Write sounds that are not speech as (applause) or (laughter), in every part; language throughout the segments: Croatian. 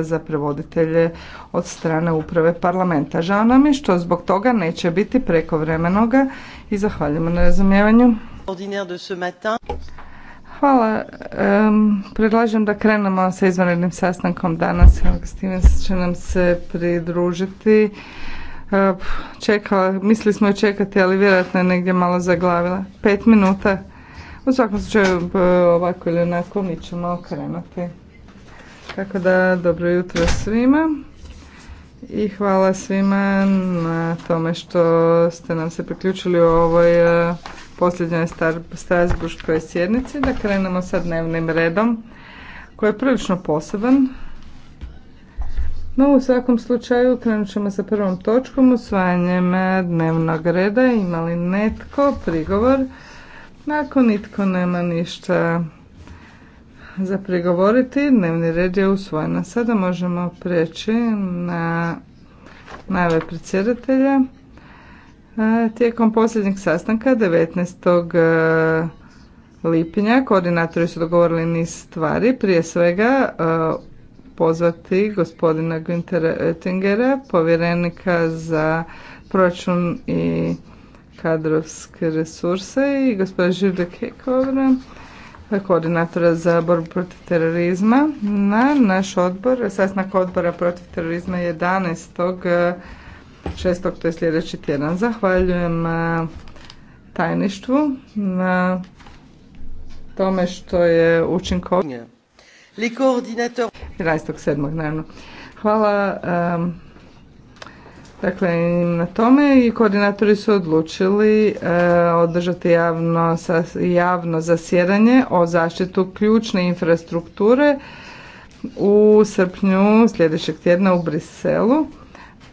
za prevoditelje od strane uprave parlamenta. Žao nam je što zbog toga neće biti prekovremenoga i zahvaljujemo na razumijevanju. Hvala. predlažem da krenemo sa izvanrednim sastankom danas. Stevens će nam se pridružiti. E, čekala, mislili smo joj čekati, ali vjerojatno je negdje malo zaglavila. Pet minuta. U svakom slučaju, e, ovako ili onako, mi ćemo krenuti. Tako da dobro jutro svima i hvala svima na tome što ste nam se priključili u ovoj e, posljednjoj Strasburškoj sjednici. Da krenemo sa dnevnim redom koji je prilično poseban. No u svakom slučaju krenut ćemo sa prvom točkom usvajanjem e, dnevnog reda. Imali netko prigovor? Nakon nitko nema ništa za prigovoriti. Dnevni red je usvojen. Sada možemo preći na najve predsjedatelja. E, tijekom posljednjeg sastanka 19. E, lipnja koordinatori su dogovorili niz stvari. Prije svega e, pozvati gospodina Günthera Oettingera, povjerenika za proračun i kadrovske resurse i gospodina Živde Kekovra Dakle, koordinatora za borbu protiv terorizma na naš odbor, sastanak odbora protiv terorizma 11. 6. Eh, to je sljedeći tjedan. Zahvaljujem eh, tajništvu na tome što je učinkovno. 11.7. naravno. Hvala eh, Dakle, na tome i koordinatori su odlučili e, održati javno, javno zasjedanje o zaštitu ključne infrastrukture u srpnju sljedećeg tjedna u Briselu,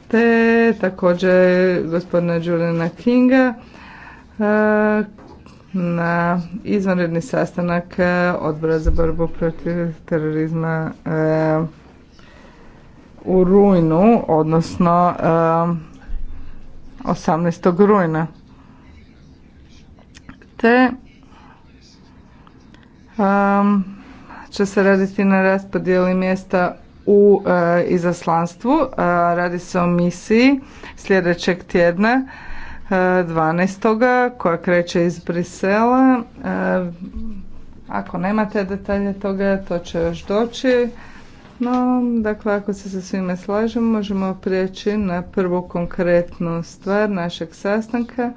te također gospodina Juliana Kinga e, na izvanredni sastanak odbora za borbu protiv terorizma e, u rujnu, odnosno 18. Eh, rujna. Te će se raditi na raspodjeli mjesta u eh, izaslanstvu. Eh, radi se o misiji sljedećeg tjedna 12. koja kreće iz Brisela. Ako nemate detalje toga, to će još doći. No, dakle, ako se sa svime slažem, možemo prijeći na prvu konkretnu stvar našeg sastanka,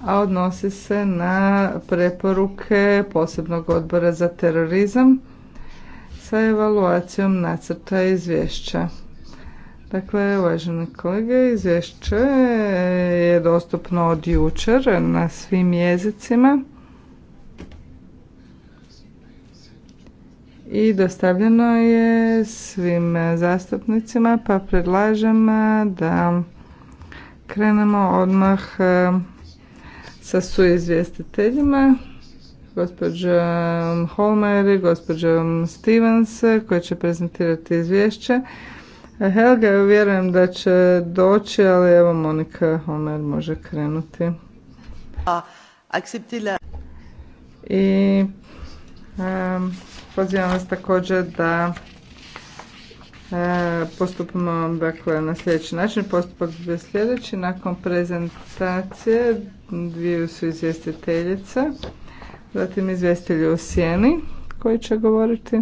a odnosi se na preporuke posebnog odbora za terorizam sa evaluacijom nacrta izvješća. Dakle, uvažene kolege, izvješće je dostupno od jučer na svim jezicima. i dostavljeno je svim zastupnicima pa predlažem eh, da krenemo odmah eh, sa suizvjestiteljima gospođom eh, Holmer i gospođom Stevens koja će prezentirati izvješće. Helga, vjerujem da će doći, ali evo Monika Homer može krenuti. I Pozivam vas također da e, postupimo dakle, na sljedeći način. Postupak je sljedeći. Nakon prezentacije dviju su izvjestiteljice, zatim izvjestitelji u sjeni koji će govoriti.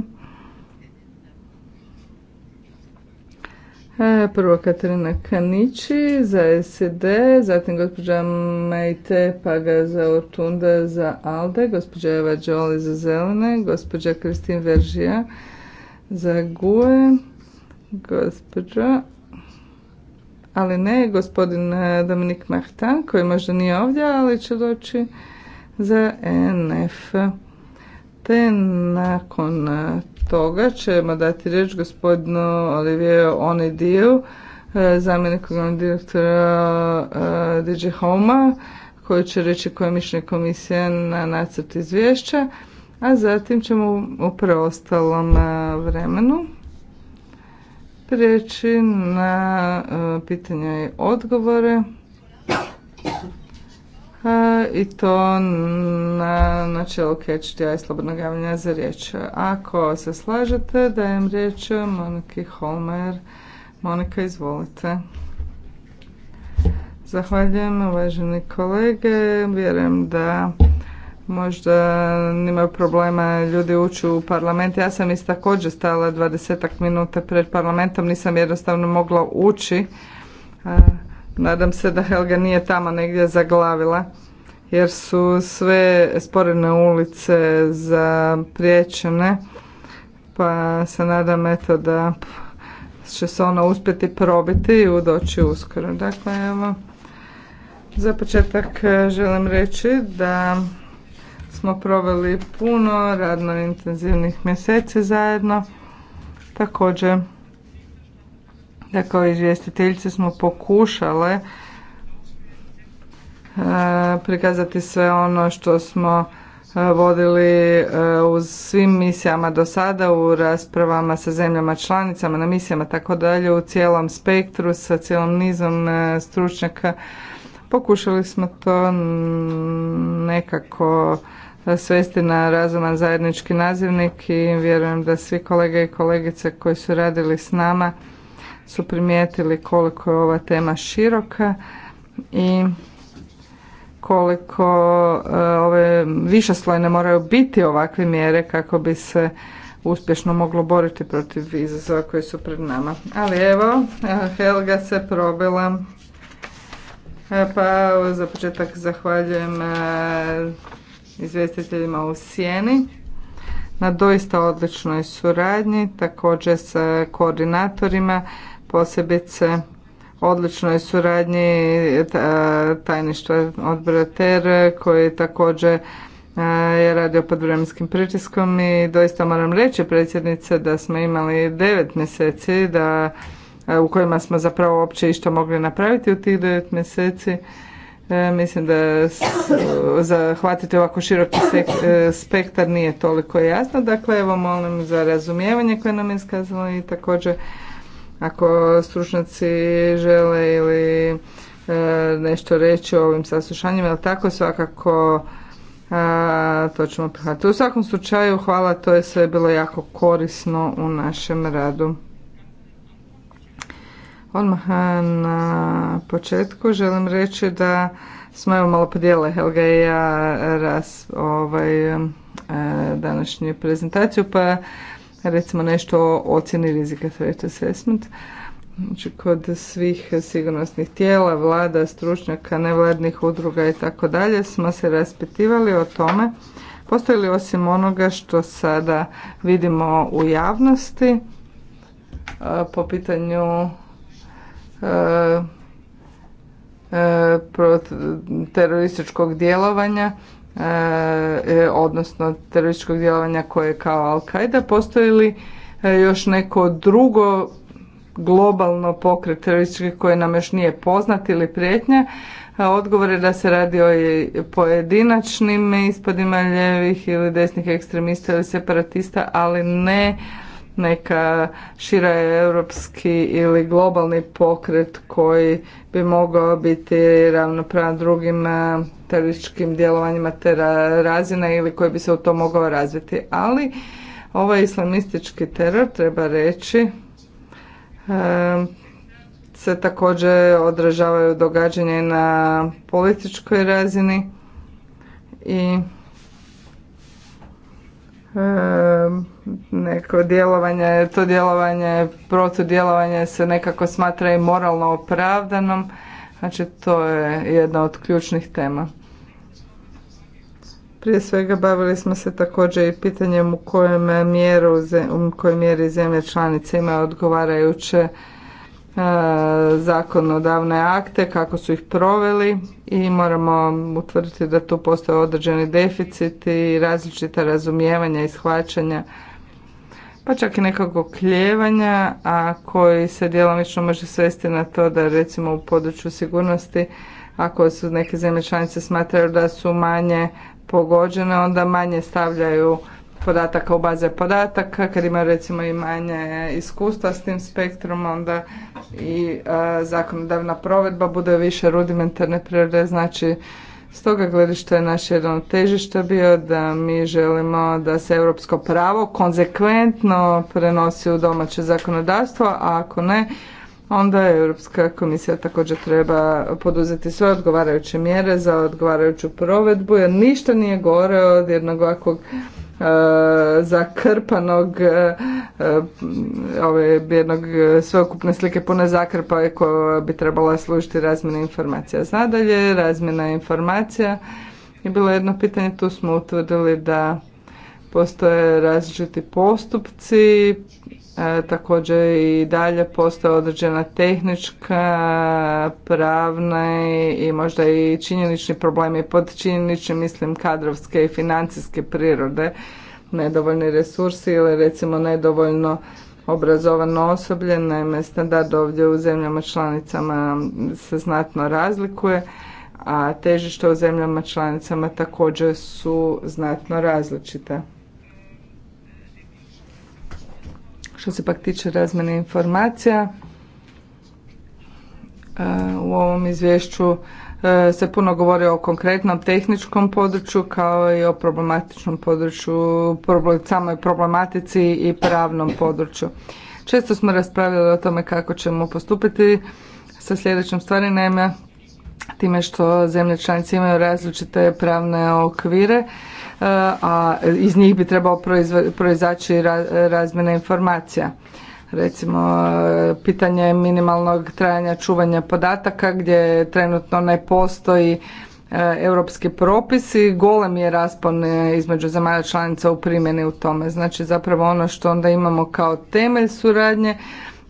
E, prvo Katarina Kanići za SED, zatim gospođa Majte Paga za Ortunda za ALDE, gospođa Eva Đoli za Zelene, gospođa Kristin Veržija za GUE, gospođa ali ne gospodin e, Dominik Mahtan koji možda nije ovdje, ali će doći za NF. Te nakon e, toga ćemo dati riječ gospodinu onaj Onaj e, zamjeniku glavnog direktora e, DJ Homa, koji će reći koje mišljenje komisije na nacrt izvješća, a zatim ćemo u preostalom e, vremenu prijeći na pitanja i odgovore. E, i to na načelu catch the slobodnog javljanja za riječ. Ako se slažete, dajem riječ Moniki Holmer. Monika, izvolite. Zahvaljujem, uvaženi kolege. Vjerujem da možda nima problema ljudi ući u parlament. Ja sam is također stala dvadesetak minuta pred parlamentom, nisam jednostavno mogla ući. E, Nadam se da Helga nije tamo negdje zaglavila jer su sve sporene ulice zapriječene pa se nadam eto da će se ona uspjeti probiti i doći uskoro. Dakle, evo, za početak e, želim reći da smo proveli puno radno intenzivnih mjeseci zajedno. Također, da kao izvjestiteljice smo pokušale e, prikazati sve ono što smo e, vodili e, u svim misijama do sada, u raspravama sa zemljama članicama, na misijama tako dalje, u cijelom spektru sa cijelom nizom stručnjaka. Pokušali smo to nekako svesti na razuman zajednički nazivnik i vjerujem da svi kolege i kolegice koji su radili s nama su primijetili koliko je ova tema široka i koliko e, ove višeslojne moraju biti ovakve mjere kako bi se uspješno moglo boriti protiv izazova koji su pred nama. Ali evo, e, Helga se probila. E, pa za početak zahvaljujem izvjestiteljima u Sjeni na doista odličnoj suradnji, također sa koordinatorima posebice odličnoj suradnji e, tajništva odbora TER koji također e, je radio pod vremenskim pritiskom i doista moram reći predsjednice da smo imali devet mjeseci da, e, u kojima smo zapravo uopće išta mogli napraviti u tih devet mjeseci. mislim da zahvatiti ovako široki spektar nije toliko jasno. Dakle, evo molim za razumijevanje koje nam je iskazalo i također ako stručnjaci žele ili e, nešto reći o ovim saslušanjima, ali tako svakako to ćemo prihvatiti. U svakom slučaju, hvala, to je sve bilo jako korisno u našem radu. Odmah na početku želim reći da smo evo malo podijele Helga i ja raz ovaj, e, današnju prezentaciju, pa recimo nešto o ocjeni rizika threat assessment. Znači, kod svih sigurnosnih tijela, vlada, stručnjaka, nevladnih udruga i tako dalje smo se raspitivali o tome postoji li osim onoga što sada vidimo u javnosti e, po pitanju e, e, terorističkog djelovanja E, e, odnosno terorističkog djelovanja koje je kao Al-Qaida, postoji li e, još neko drugo globalno pokret teroristički koji nam još nije poznat ili prijetnja. Odgovor je da se radi o pojedinačnim ispadima ljevih ili desnih ekstremista ili separatista, ali ne neka šira europski ili globalni pokret koji bi mogao biti ravnopravan drugim terorističkim djelovanjima te razina ili koji bi se u to mogao razviti. Ali ovaj islamistički teror, treba reći, se također odražavaju događanje na političkoj razini i neko djelovanje, to djelovanje, protudjelovanje se nekako smatra i moralno opravdanom Znači to je jedna od ključnih tema. Prije svega bavili smo se također i pitanjem u kojem mjeru, u kojoj mjeri zemlje članice imaju odgovarajuće e, zakonodavne akte, kako su ih proveli i moramo utvrditi da tu postoje određeni deficiti i različita razumijevanja i shvaćanja pa čak i nekog okljevanja, a koji se djelomično može svesti na to da recimo u području sigurnosti, ako su neke zemlje članice smatraju da su manje pogođene, onda manje stavljaju podataka u baze podataka, kad ima recimo i manje iskustva s tim spektrom, onda i zakonodavna provedba bude više rudimentarne prirode, znači Stoga toga gledišta je naš jedan od težišta bio da mi želimo da se europsko pravo konzekventno prenosi u domaće zakonodavstvo, a ako ne, onda Europska komisija također treba poduzeti sve odgovarajuće mjere za odgovarajuću provedbu, jer ništa nije gore od jednog ovakvog Eh, zakrpanog eh, ove jednog sveokupne slike pune zakrpa koja bi trebala služiti razmjena informacija. Nadalje, razmjena informacija i bilo jedno pitanje, tu smo utvrdili da postoje različiti postupci E, također i dalje postoje određena tehnička, pravna i možda i činjenični problemi. Pod činjeničnim, mislim kadrovske i financijske prirode, nedovoljni resursi ili recimo nedovoljno obrazovano osoblje. Naime, standard ovdje u zemljama članicama se znatno razlikuje, a težište u zemljama članicama također su znatno različite. Što se pak tiče razmjene informacija, e, u ovom izvješću e, se puno govori o konkretnom tehničkom području kao i o problematičnom području, samoj problematici i pravnom području. Često smo raspravljali o tome kako ćemo postupiti sa sljedećom stvari, naime time što zemlje članice imaju različite pravne okvire a iz njih bi trebao proizaći razmjena informacija. Recimo, e, pitanje minimalnog trajanja čuvanja podataka gdje trenutno ne postoji e, europski propisi, golem je raspon e, između zemalja članica u primjeni u tome. Znači zapravo ono što onda imamo kao temelj suradnje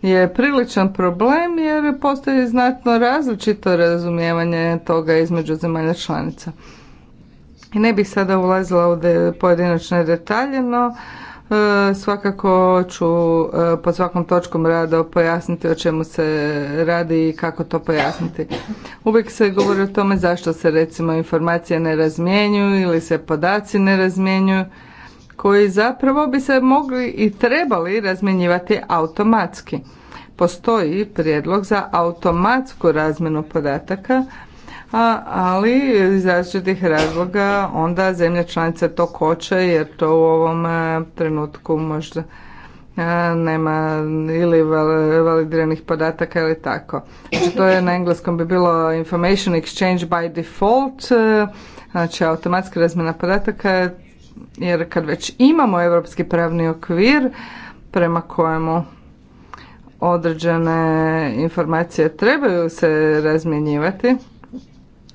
je priličan problem jer postoji znatno različito razumijevanje toga između zemalja članica. I ne bih sada ulazila u de, pojedinačne detalje, no e, svakako ću e, pod svakom točkom rada pojasniti o čemu se radi i kako to pojasniti. Uvijek se govori o tome zašto se recimo informacije ne razmjenjuju ili se podaci ne razmjenjuju koji zapravo bi se mogli i trebali razmjenjivati automatski. Postoji prijedlog za automatsku razmjenu podataka ali iz različitih razloga onda zemlje članice to koče jer to u ovom e, trenutku možda e, nema ili validiranih podataka ili tako. Znači to je na engleskom bi bilo information exchange by default, e, znači automatska razmjena podataka jer kad već imamo europski pravni okvir prema kojemu određene informacije trebaju se razmjenjivati,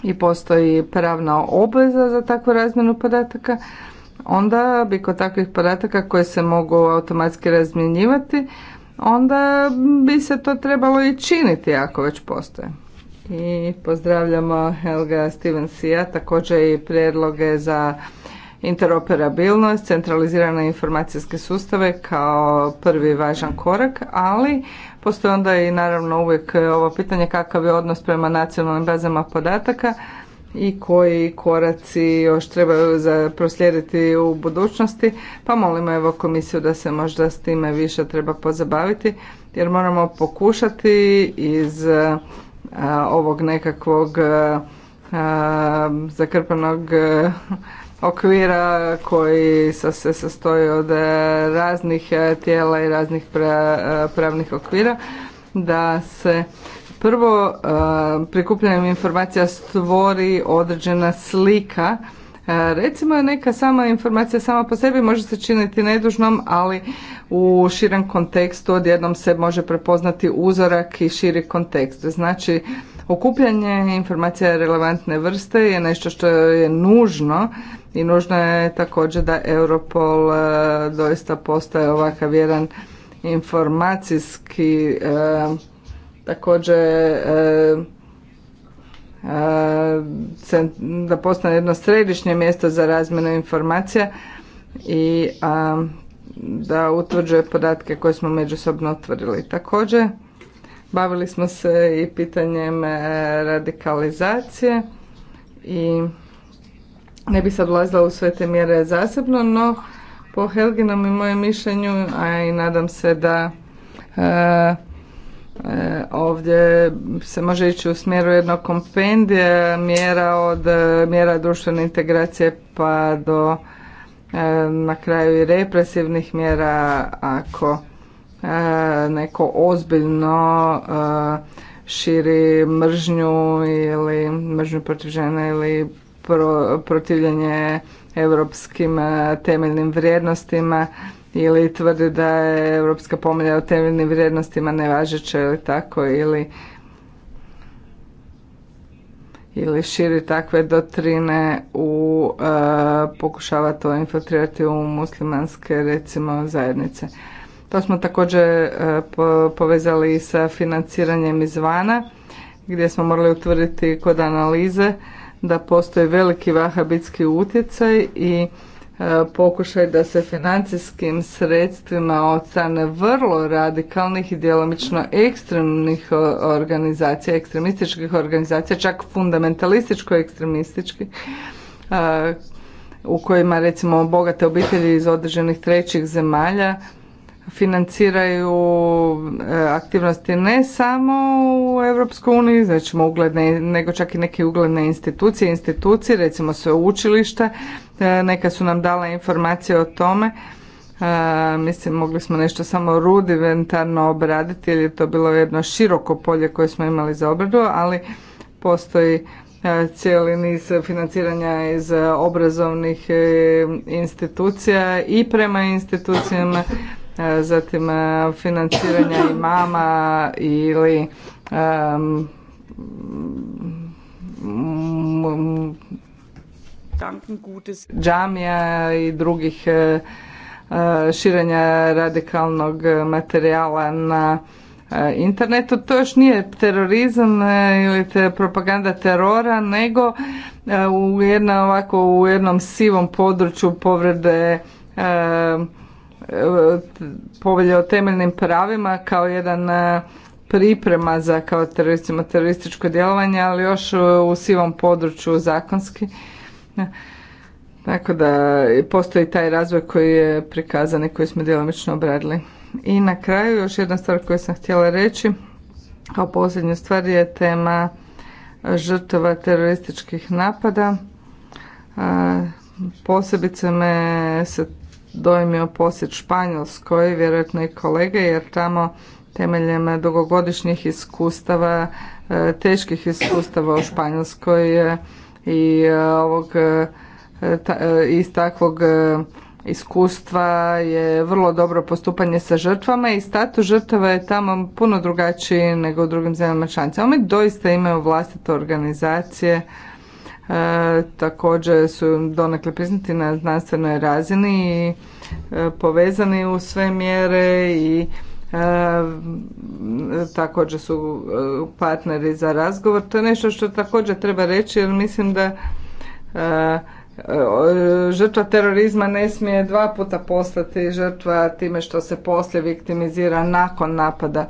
i postoji pravna obveza za takvu razmjenu podataka, onda bi kod takvih podataka koje se mogu automatski razmjenjivati, onda bi se to trebalo i činiti ako već postoje. I pozdravljamo Helga Stevens i također i prijedloge za interoperabilnost, centralizirane informacijske sustave kao prvi važan korak, ali Postoje onda i naravno uvijek e, ovo pitanje kakav je odnos prema nacionalnim bazama podataka i koji koraci još trebaju za proslijediti u budućnosti, pa molimo evo komisiju da se možda s time više treba pozabaviti, jer moramo pokušati iz e, ovog nekakvog e, zakrpanog a, okvira koji se sastoji od e, raznih e, tijela i raznih e, pravnih okvira da se prvo prikupljanjem informacija stvori određena slika Recimo neka sama informacija sama po sebi može se činiti nedužnom, ali u širem kontekstu odjednom se može prepoznati uzorak i širi kontekst. Znači Okupljanje informacija relevantne vrste je nešto što je nužno i nužno je također da Europol e, doista postaje ovakav jedan informacijski e, također e, da postane jedno središnje mjesto za razmjenu informacija i da utvrđuje podatke koje smo međusobno otvorili. Također Bavili smo se i pitanjem e, radikalizacije i ne bi sad ulazila u sve te mjere zasebno, no po Helginom i mojem mišljenju, a i nadam se da e, e, ovdje se može ići u smjeru jednog kompendija mjera od mjera društvene integracije pa do na kraju i represivnih mjera ako E, neko ozbiljno e, širi mržnju ili mržnju protiv žena ili protivljenje europskim e, temeljnim vrijednostima ili tvrdi da je Europska pomelja o temeljnim vrijednostima nevažeća ili tako ili ili širi takve doktrine u e, pokušava to infiltrirati u muslimanske recimo zajednice. To smo također e, povezali i sa financiranjem izvana gdje smo morali utvrditi kod analize da postoji veliki vahabitski utjecaj i e, pokušaj da se financijskim sredstvima od strane vrlo radikalnih i djelomično ekstremnih organizacija, ekstremističkih organizacija, čak fundamentalističko ekstremistički, e, u kojima recimo bogate obitelji iz određenih trećih zemalja financiraju e, aktivnosti ne samo u EU, uniji, znači ugledne, nego čak i neke ugledne institucije, institucije, recimo sve sveučilišta, e, neka su nam dala informacije o tome. E, mislim, mogli smo nešto samo rudimentarno obraditi jer je to bilo jedno široko polje koje smo imali za obradu, ali postoji cijeli niz financiranja iz obrazovnih institucija i prema institucijama E, zatim e, financiranja imama ili džamija i drugih e, širenja radikalnog materijala na internetu. To još nije terorizam ili propaganda terora, nego u, jedna, ovako, u jednom sivom području povrede povelje o temeljnim pravima kao jedan e, priprema za kao teroristima terorističko djelovanje, ali još u sivom području zakonski. E, tako da postoji taj razvoj koji je prikazan i koji smo djelomično obradili. I na kraju još jedna stvar koju sam htjela reći, kao posljednju stvar je tema žrtava terorističkih napada. E, posebice me se dojmio posjet Španjolskoj, vjerojatno i kolege, jer tamo temeljem dugogodišnjih iskustava, e, teških iskustava u Španjolskoj e, i e, ovog iz takvog iskustva je vrlo dobro postupanje sa žrtvama i status žrtava je tamo puno drugačiji nego u drugim zemljama članicama. Oni doista imaju vlastite organizacije E, također su donekle priznati na znanstvenoj razini i e, povezani u sve mjere i E, također su e, partneri za razgovor. To je nešto što također treba reći jer mislim da e, žrtva terorizma ne smije dva puta postati žrtva time što se poslije viktimizira nakon napada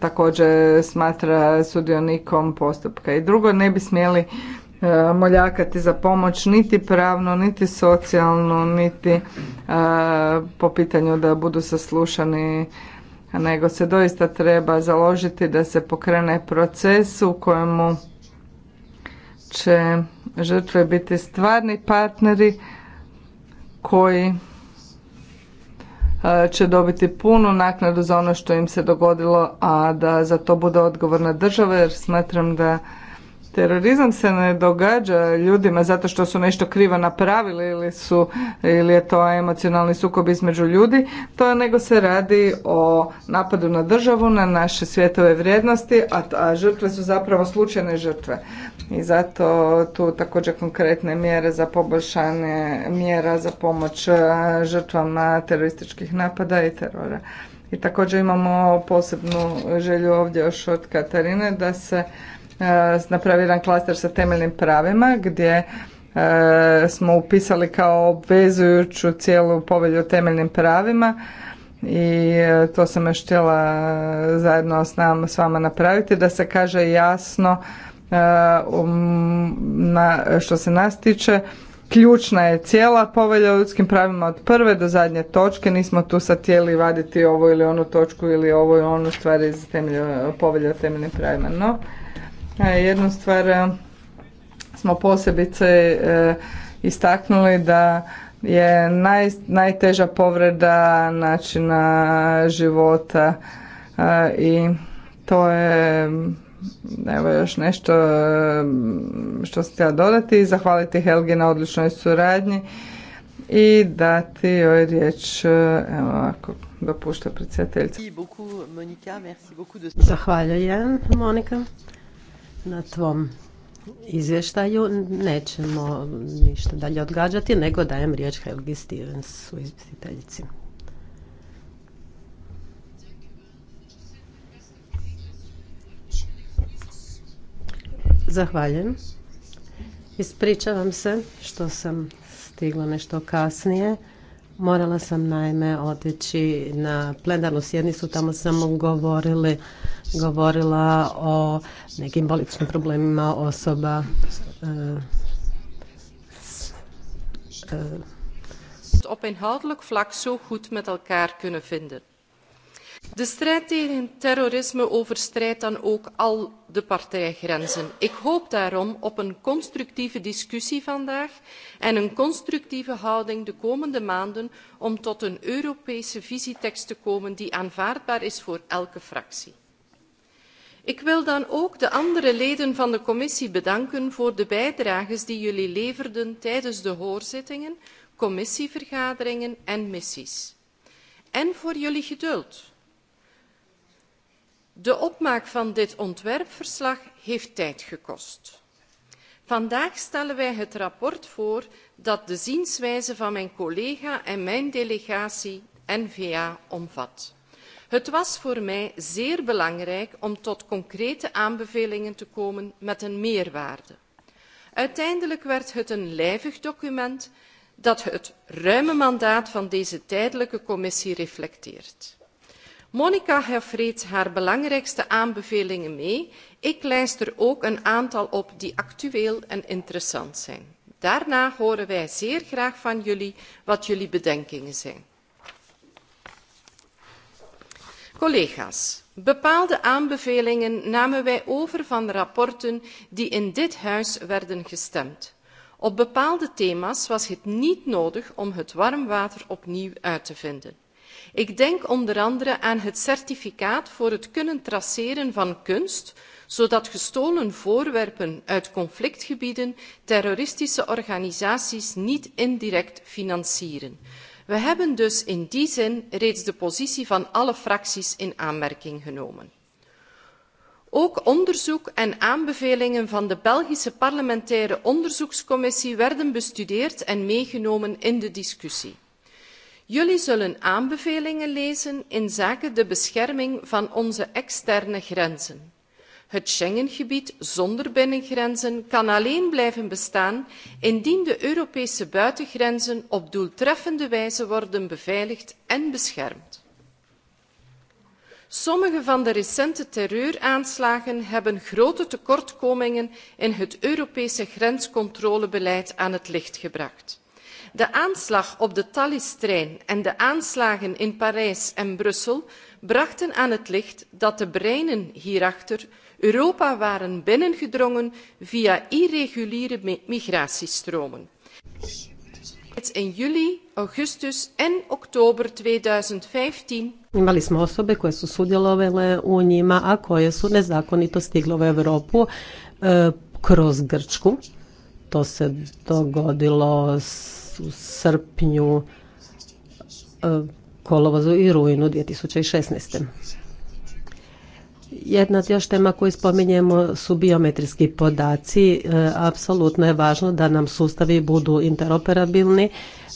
također smatra sudionikom postupka. I drugo, ne bi smjeli e, moljakati za pomoć niti pravno, niti socijalno, niti e, po pitanju da budu saslušani nego se doista treba založiti da se pokrene proces u kojemu će žrtve biti stvarni partneri koji E, će dobiti punu naknadu za ono što im se dogodilo, a da za to bude odgovorna država jer smatram da Terorizam se ne događa ljudima zato što su nešto krivo napravili ili su ili je to emocionalni sukob između ljudi, to nego se radi o napadu na državu, na naše svjetove vrijednosti, a, a žrtve su zapravo slučajne žrtve. I zato tu također konkretne mjere za poboljšanje mjera za pomoć žrtvama terorističkih napada i terora. I također imamo posebnu želju ovdje još od Katarine da se E, napravio jedan klaster sa temeljnim pravima gdje e, smo upisali kao obvezujuću cijelu povelju o temeljnim pravima i e, to sam još htjela zajedno s, nam, s vama napraviti da se kaže jasno um, na, što se nas tiče ključna je cijela povelja o ljudskim pravima od prve do zadnje točke nismo tu sad htjeli vaditi ovo ili onu točku ili ovo ili onu stvari iz temelja, povelja o temeljnim pravima no Jednu stvar eh, smo posebice eh, istaknuli da je naj, najteža povreda načina života eh, i to je evo još nešto što sam htjela dodati i zahvaliti Helgi na odličnoj suradnji i dati joj riječ evo ako dopušta predsjedateljica. Zahvaljujem Monika na tvom izvještaju. Nećemo ništa dalje odgađati, nego dajem riječ Helgi Stevens u izvjestiteljici. Zahvaljujem. Ispričavam se što sam stigla nešto kasnije. Morala sam naime otići na plenarnu sjednicu, tamo sam govorili, govorila o nekim bolesnim problemima osoba e, e. vlak De strijd tegen terrorisme overstrijdt dan ook al de partijgrenzen. Ik hoop daarom op een constructieve discussie vandaag en een constructieve houding de komende maanden om tot een Europese visietekst te komen die aanvaardbaar is voor elke fractie. Ik wil dan ook de andere leden van de commissie bedanken voor de bijdrages die jullie leverden tijdens de hoorzittingen, commissievergaderingen en missies. En voor jullie geduld de opmaak van dit ontwerpverslag heeft tijd gekost. vandaag stellen wij het rapport voor dat de zienswijze van mijn collega en mijn delegatie NVA, omvat. het was voor mij zeer belangrijk om tot concrete aanbevelingen te komen met een meerwaarde. uiteindelijk werd het een lijvig document dat het ruime mandaat van deze tijdelijke commissie reflecteert. Monica hervreet haar belangrijkste aanbevelingen mee. Ik lijst er ook een aantal op die actueel en interessant zijn. Daarna horen wij zeer graag van jullie wat jullie bedenkingen zijn. Collega's, bepaalde aanbevelingen namen wij over van rapporten die in dit huis werden gestemd. Op bepaalde thema's was het niet nodig om het warm water opnieuw uit te vinden. Ik denk onder andere aan het certificaat voor het kunnen traceren van kunst, zodat gestolen voorwerpen uit conflictgebieden terroristische organisaties niet indirect financieren. We hebben dus in die zin reeds de positie van alle fracties in aanmerking genomen. Ook onderzoek en aanbevelingen van de Belgische parlementaire onderzoekscommissie werden bestudeerd en meegenomen in de discussie. Jullie zullen aanbevelingen lezen in inzake de bescherming van onze externe grenzen. Het Schengengebied zonder binnengrenzen kan alleen blijven bestaan indien de Europese buitengrenzen op doeltreffende wijze worden beveiligd en beschermd. Sommige van de recente terreuraanslagen hebben grote tekortkomingen in het Europese grenscontrolebeleid aan het licht gebracht de aanslag op de thalys trein en de aanslagen in parijs en brussel brachten aan het licht dat de breinen hierachter europa waren binnengedrongen via irreguliere migratiestromen. in juli, augustus en oktober 2015 Imali smo osobe koje su sudjelovale u njima, a koje su nezakonito stigle u Europu e, kroz Grčku. To se dogodilo s u srpnju, e, kolovozu i rujnu 2016. Jedna od još tema koju spominjemo su biometrijski podaci. E, apsolutno je važno da nam sustavi budu interoperabilni e,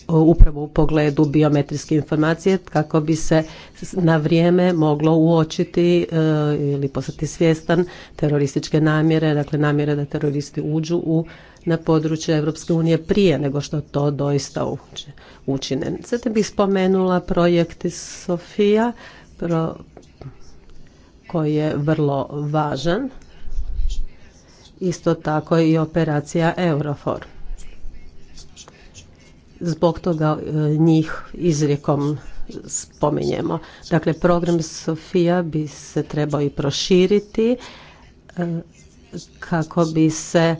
upravo u pogledu biometrijske informacije kako bi se na vrijeme moglo uočiti ili postati svjestan terorističke namjere, dakle namjere da teroristi uđu u na područje Europske unije prije nego što to doista učine. Zatim bih spomenula projekt SOFIA koji je vrlo važan. Isto tako i operacija Eurofor. Zbog toga e, njih izrijekom spominjemo. Dakle, program Sofija bi se trebao i proširiti e, kako bi se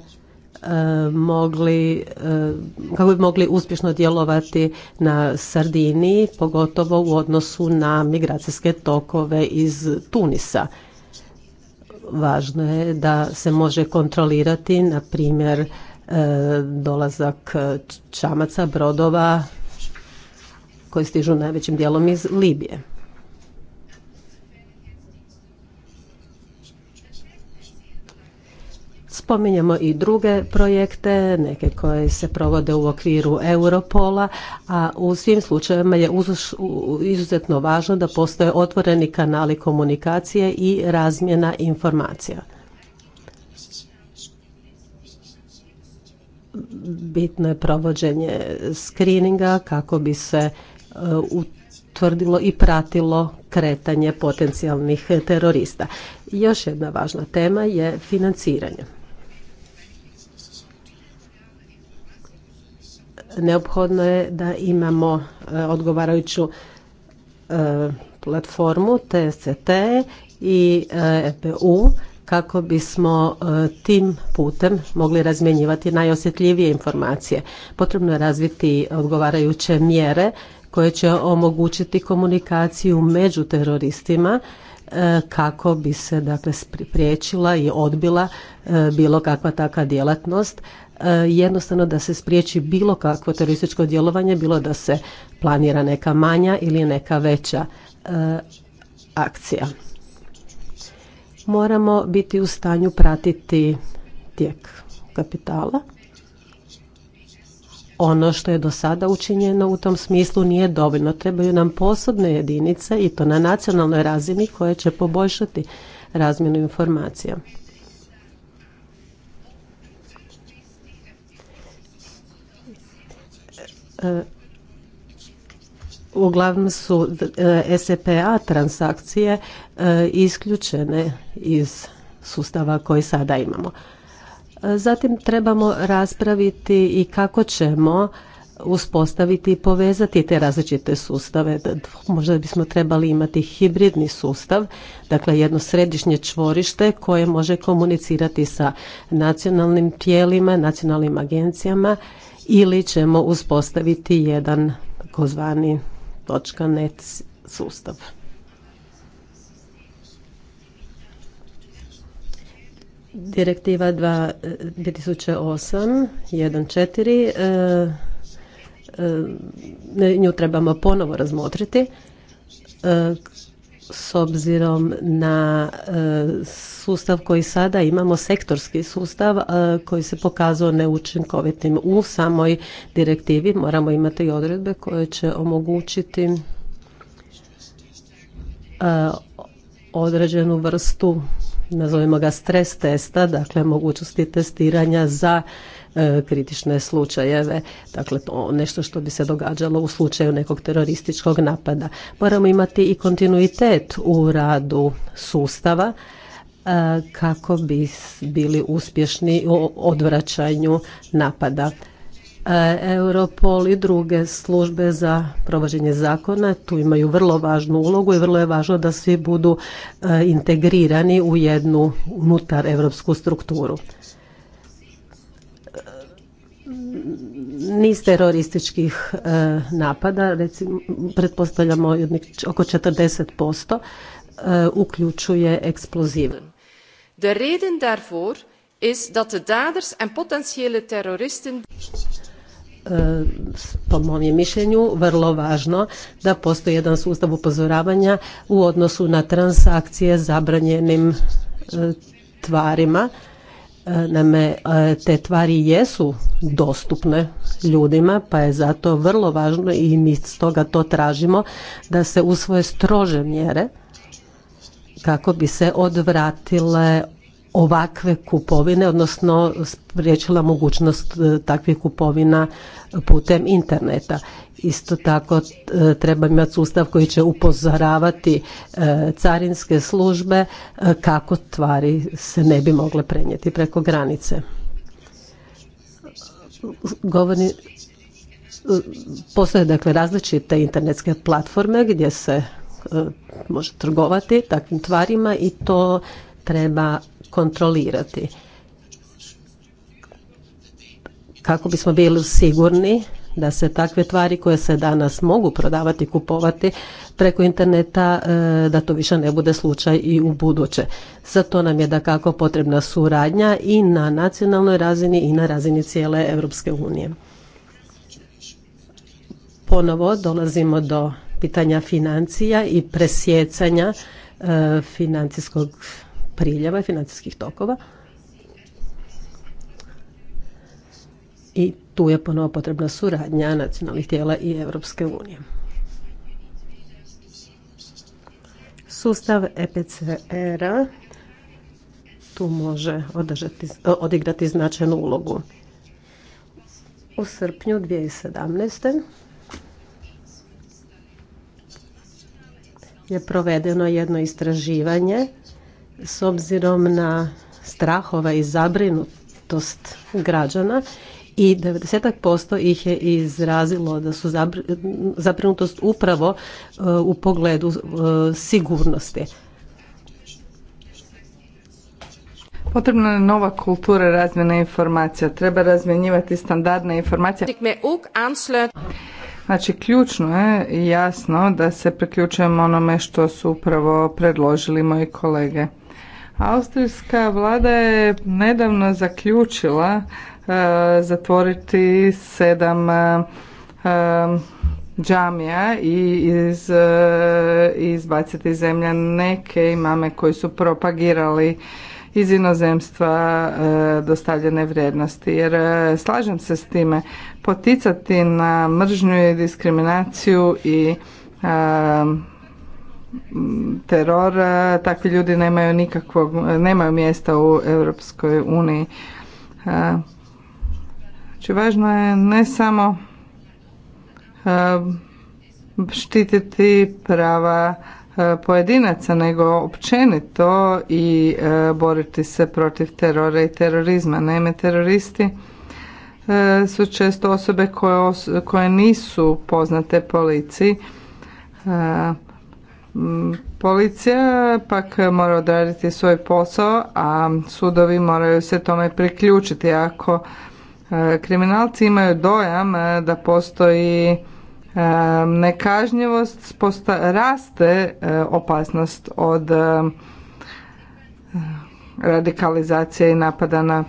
E, mogli, e, kako bi mogli uspješno djelovati na Sardiniji, pogotovo u odnosu na migracijske tokove iz Tunisa. Važno je da se može kontrolirati, na primjer, e, dolazak čamaca, brodova koji stižu najvećim dijelom iz Libije. spominjemo i druge projekte, neke koje se provode u okviru Europola, a u svim slučajevima je izuzetno važno da postoje otvoreni kanali komunikacije i razmjena informacija. Bitno je provođenje skrininga kako bi se e, utvrdilo i pratilo kretanje potencijalnih terorista. Još jedna važna tema je financiranje. neophodno je da imamo e, odgovarajuću e, platformu TST i EPU e kako bismo tim putem mogli razmjenjivati najosjetljivije informacije. Potrebno je razviti odgovarajuće mjere koje će omogućiti komunikaciju među teroristima kako bi se dakle spriječila i odbila bilo kakva takva djelatnost E, jednostavno da se spriječi bilo kakvo terorističko djelovanje, bilo da se planira neka manja ili neka veća e, akcija. Moramo biti u stanju pratiti tijek kapitala. Ono što je do sada učinjeno u tom smislu nije dovoljno. Trebaju nam posebne jedinice i to na nacionalnoj razini koje će poboljšati razmjenu informacija. E, uglavnom su e, SPA e transakcije isključene iz sustava koji sada imamo. Zatim trebamo raspraviti i kako ćemo uspostaviti i povezati te različite sustave. Možda bismo trebali imati hibridni sustav, dakle jedno središnje čvorište koje može komunicirati sa nacionalnim tijelima, nacionalnim agencijama ili ćemo uspostaviti jedan takozvani .net sustav. Direktiva 2008-1.4 eh, eh, eh, nju trebamo ponovo razmotriti s obzirom na e, sustav koji sada imamo, sektorski sustav e, koji se pokazao neučinkovitim. U samoj direktivi moramo imati i odredbe koje će omogućiti e, određenu vrstu, nazovimo ga stres testa, dakle mogućnosti testiranja za E, kritične slučajeve, dakle to nešto što bi se događalo u slučaju nekog terorističkog napada. Moramo imati i kontinuitet u radu sustava e, kako bi bili uspješni u odvraćanju napada. E, Europol i druge službe za provođenje zakona tu imaju vrlo važnu ulogu i vrlo je važno da svi budu integrirani u jednu unutar europsku strukturu. niz terorističkih eh, napada, recimo, pretpostavljamo oko 40% eh, uključuje eksplozive. De reden daarvoor is dat de daders en potentiële terroristen eh, po mom mišljenju vrlo važno da postoji jedan sustav upozoravanja u odnosu na transakcije zabranjenim tvarima Naime, e, te tvari jesu dostupne ljudima, pa je zato vrlo važno i mi stoga to tražimo da se usvoje strože mjere kako bi se odvratile ovakve kupovine, odnosno spriječila mogućnost e, takvih kupovina putem interneta. Isto tako e, treba imati sustav koji će upozoravati e, carinske službe e, kako tvari se ne bi mogle prenijeti preko granice. Govori, postoje dakle različite internetske platforme gdje se može trgovati takvim tvarima i to treba kontrolirati. Kako bismo bili sigurni da se takve tvari koje se danas mogu prodavati, i kupovati preko interneta, e, da to više ne bude slučaj i u buduće. Za to nam je da kako potrebna suradnja i na nacionalnoj razini i na razini cijele Europske unije. Ponovo dolazimo do pitanja financija i presjecanja e, financijskog priljeva i financijskih tokova. I tu je ponovo potrebna suradnja nacionalnih tijela i Europske unije. Sustav EPCR-a tu može odigrati značajnu ulogu. U srpnju 2017. je provedeno jedno istraživanje s obzirom na strahova i zabrinutost građana i 90% ih je izrazilo da su zabrinutost upravo e, u pogledu e, sigurnosti. Potrebna je nova kultura razmjena informacija. Treba razmjenjivati standardne informacije. Znači, ključno je jasno da se priključujemo onome što su upravo predložili moji kolege. Austrijska vlada je nedavno zaključila E, zatvoriti sedam e, e, džamija i iz, izbaciti zemlja neke imame koji su propagirali iz inozemstva dostavljene vrijednosti. Jer slažem se s time, poticati na mržnju i diskriminaciju i teror, takvi ljudi nemaju nikakvog, nemaju mjesta u Europskoj uniji. Znači važno je ne samo eh, štititi prava eh, pojedinaca, nego općenito i eh, boriti se protiv terora i terorizma. Naime, teroristi su često osobe koje, koje nisu poznate policiji. Policija pak mora odraditi svoj posao, a sudovi moraju se tome priključiti ako E, kriminalci imaju dojam e, da postoji e, nekažnjivost, raste opasnost od radikalizacije i napada na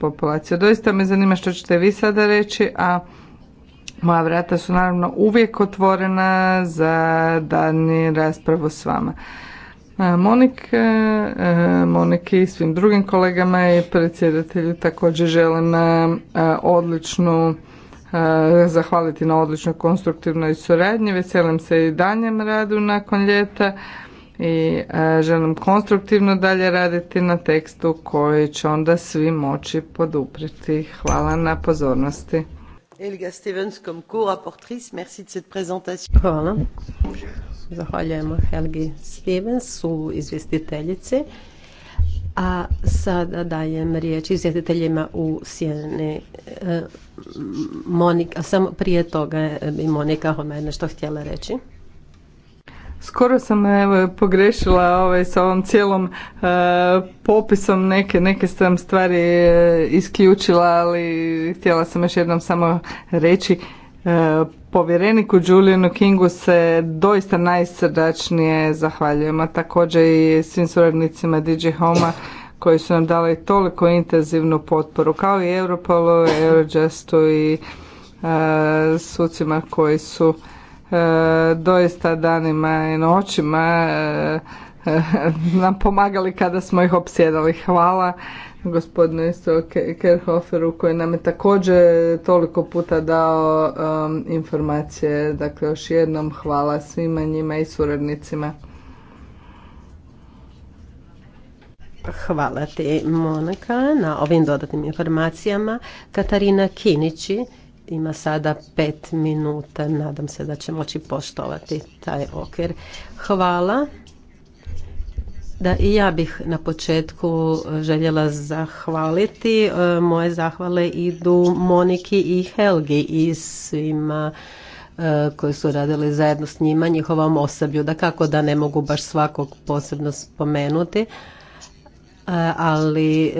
populaciju. Doista me zanima što ćete vi sada reći, a moja vrata su naravno uvijek otvorena za dani raspravu s vama. Monike, e, Monike i svim drugim kolegama i predsjedatelju također želim e, e, odličnu zahvaliti na odličnoj konstruktivnoj suradnji. Veselim se i danjem radu nakon ljeta i želim konstruktivno dalje raditi na tekstu koji će onda svi moći poduprijeti. Hvala na pozornosti. Elga Stevens comme co Merci de cette présentation. Hvala. Zahvaljujemo Helgi Stevens u izvjestiteljici. A sada dajem riječ izvjestiteljima u sjeni. E, Monika, samo prije toga bi Monika mene što htjela reći. Skoro sam pogrešila ovaj, sa ovom cijelom e, popisom, neke, neke sam stvari e, isključila, ali htjela sam još jednom samo reći e, povjereniku Julianu Kingu se doista najsrdačnije zahvaljujem, a također i svim suradnicima DJ Homa koji su nam dali toliko intenzivnu potporu, kao i Europolu, Eurojustu i sucima koji su E, doista danima i noćima e, e, nam pomagali kada smo ih opsjedali. Hvala gospodinu isto Kerhoferu koji nam je također toliko puta dao um, informacije. Dakle, još jednom hvala svima njima i suradnicima. Hvala ti Monika na ovim dodatnim informacijama. Katarina Kinići ima sada pet minuta. Nadam se da će moći poštovati taj okvir. Hvala. Da, i ja bih na početku željela zahvaliti. E, moje zahvale idu Moniki i Helgi i svima e, koji su radili zajedno s njima, njihovom osoblju. Da kako da ne mogu baš svakog posebno spomenuti, e, ali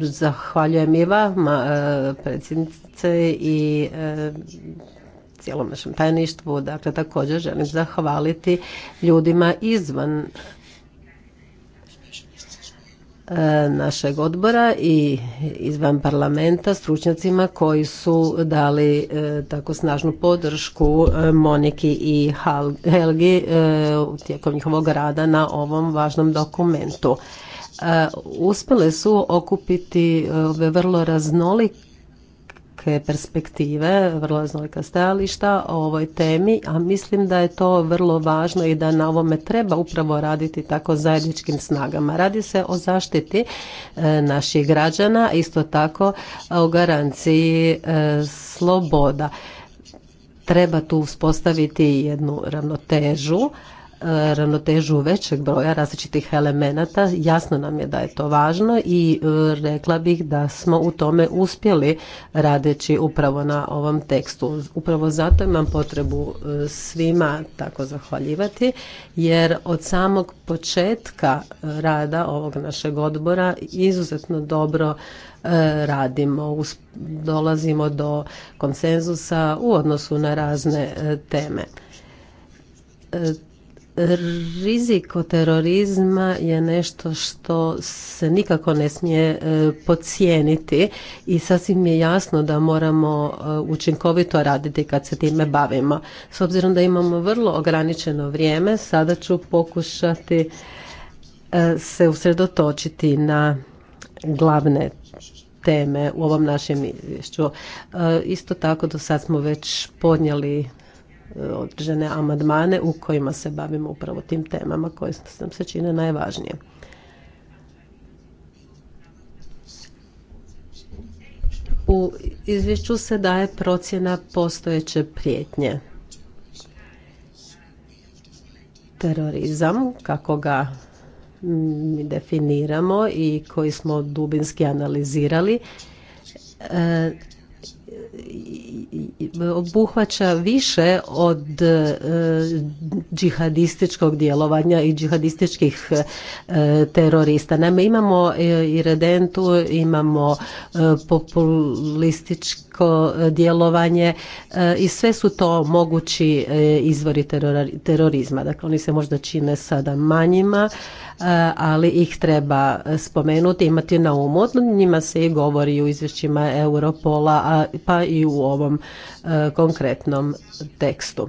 Zahvaljujem i vama, e, predsjednice i e, cijelom našem tajništvu. Dakle, također želim zahvaliti ljudima izvan e, našeg odbora i izvan parlamenta stručnjacima koji su dali tako snažnu podršku Moniki i Helgi tijekom njihovog rada na ovom važnom dokumentu. E, uspjele su okupiti e, ove vrlo raznolike perspektive, vrlo raznolika stajališta o ovoj temi, a mislim da je to vrlo važno i da na ovome treba upravo raditi tako zajedničkim snagama. Radi se o zaštiti e, naših građana, isto tako o garanciji sloboda. Treba tu uspostaviti jednu ravnotežu, ravnotežu većeg broja različitih elemenata. Jasno nam je da je to važno i e, rekla bih da smo u tome uspjeli radeći upravo na ovom tekstu. Upravo zato imam potrebu e, svima tako zahvaljivati jer od samog početka rada ovog našeg odbora izuzetno dobro e, radimo, dolazimo do konsenzusa u odnosu na razne teme Riziko terorizma je nešto što se nikako ne smije e, podcijeniti i sasvim je jasno da moramo e, učinkovito raditi kad se time bavimo. S obzirom da imamo vrlo ograničeno vrijeme, sada ću pokušati e, se usredotočiti na glavne teme u ovom našem izvješću. Isto tako do sad smo već podnijeli određene amandmane u kojima se bavimo upravo tim temama koje nam se čine najvažnije. U izvješću se daje procjena postojeće prijetnje. Terorizam, kako ga mi definiramo i koji smo dubinski analizirali, e, obuhvaća više od e, džihadističkog djelovanja i džihadističkih e, terorista. Naime, imamo e, i redentu, imamo populističke ko e, djelovanje e, i sve su to mogući e, izvori terorizma. Dakle, oni se možda čine sada manjima, ali ih treba spomenuti, imati na umu. Njima se i govori u izvješćima Europola, pa i u ovom konkretnom tekstu.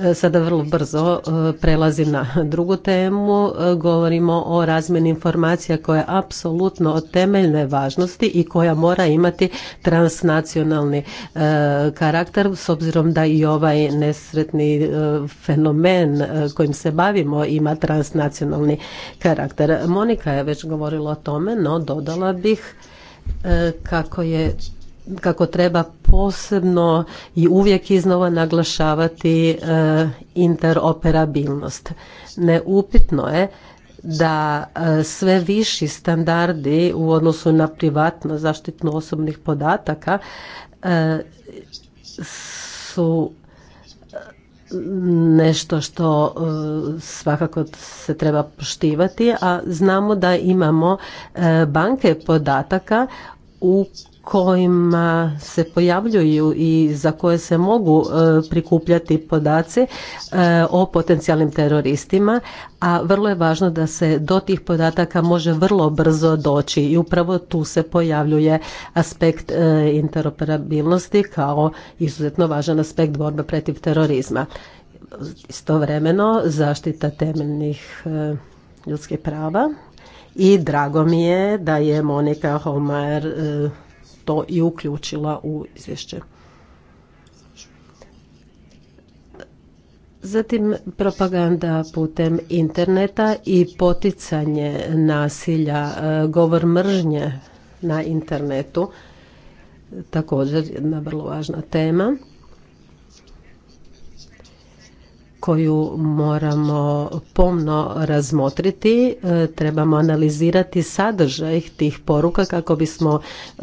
E, sada vrlo brzo e, prelazim na drugu temu. E, govorimo o razmjeni informacija koja je apsolutno od temeljne važnosti i koja mora imati transnacionalni karakter s obzirom da i ovaj nesretni fenomen kojim se bavimo ima transnacionalni karakter. Monika je već govorila o tome, no dodala bih kako je kako treba posebno i uvijek iznova naglašavati e, interoperabilnost. Neupitno je da e, sve viši standardi u odnosu na privatno zaštitno osobnih podataka e, su nešto što svakako se treba poštivati, a znamo da imamo banke podataka u kojima se pojavljuju i za koje se mogu e, prikupljati podaci e, o potencijalnim teroristima, a vrlo je važno da se do tih podataka može vrlo brzo doći i upravo tu se pojavljuje aspekt e, interoperabilnosti kao izuzetno važan aspekt borbe protiv terorizma. Istovremeno zaštita temeljnih ljudskih prava i drago mi je da je Monika to i uključila u izvješće. Zatim propaganda putem interneta i poticanje nasilja, e, govor mržnje na internetu, također jedna vrlo važna tema. koju moramo pomno razmotriti, e, trebamo analizirati sadržaj tih poruka kako bismo e,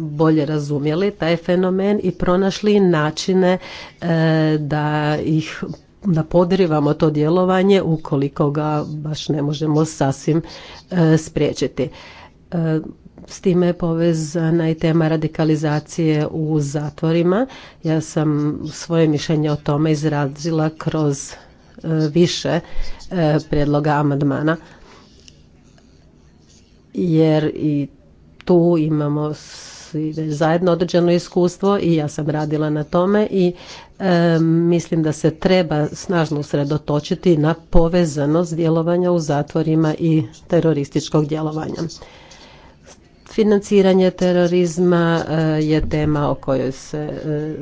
bolje razumjeli taj fenomen i pronašli načine e, da ih da podrivamo to djelovanje ukoliko ga baš ne možemo sasvim spriječiti. S time je povezana i tema radikalizacije u zatvorima. Ja sam svoje mišljenje o tome izrazila kroz e, više e, prijedloga amandmana jer i tu imamo zajedno određeno iskustvo i ja sam radila na tome i e, mislim da se treba snažno usredotočiti na povezanost djelovanja u zatvorima i terorističkog djelovanja. Financiranje terorizma e, je tema o kojoj se e,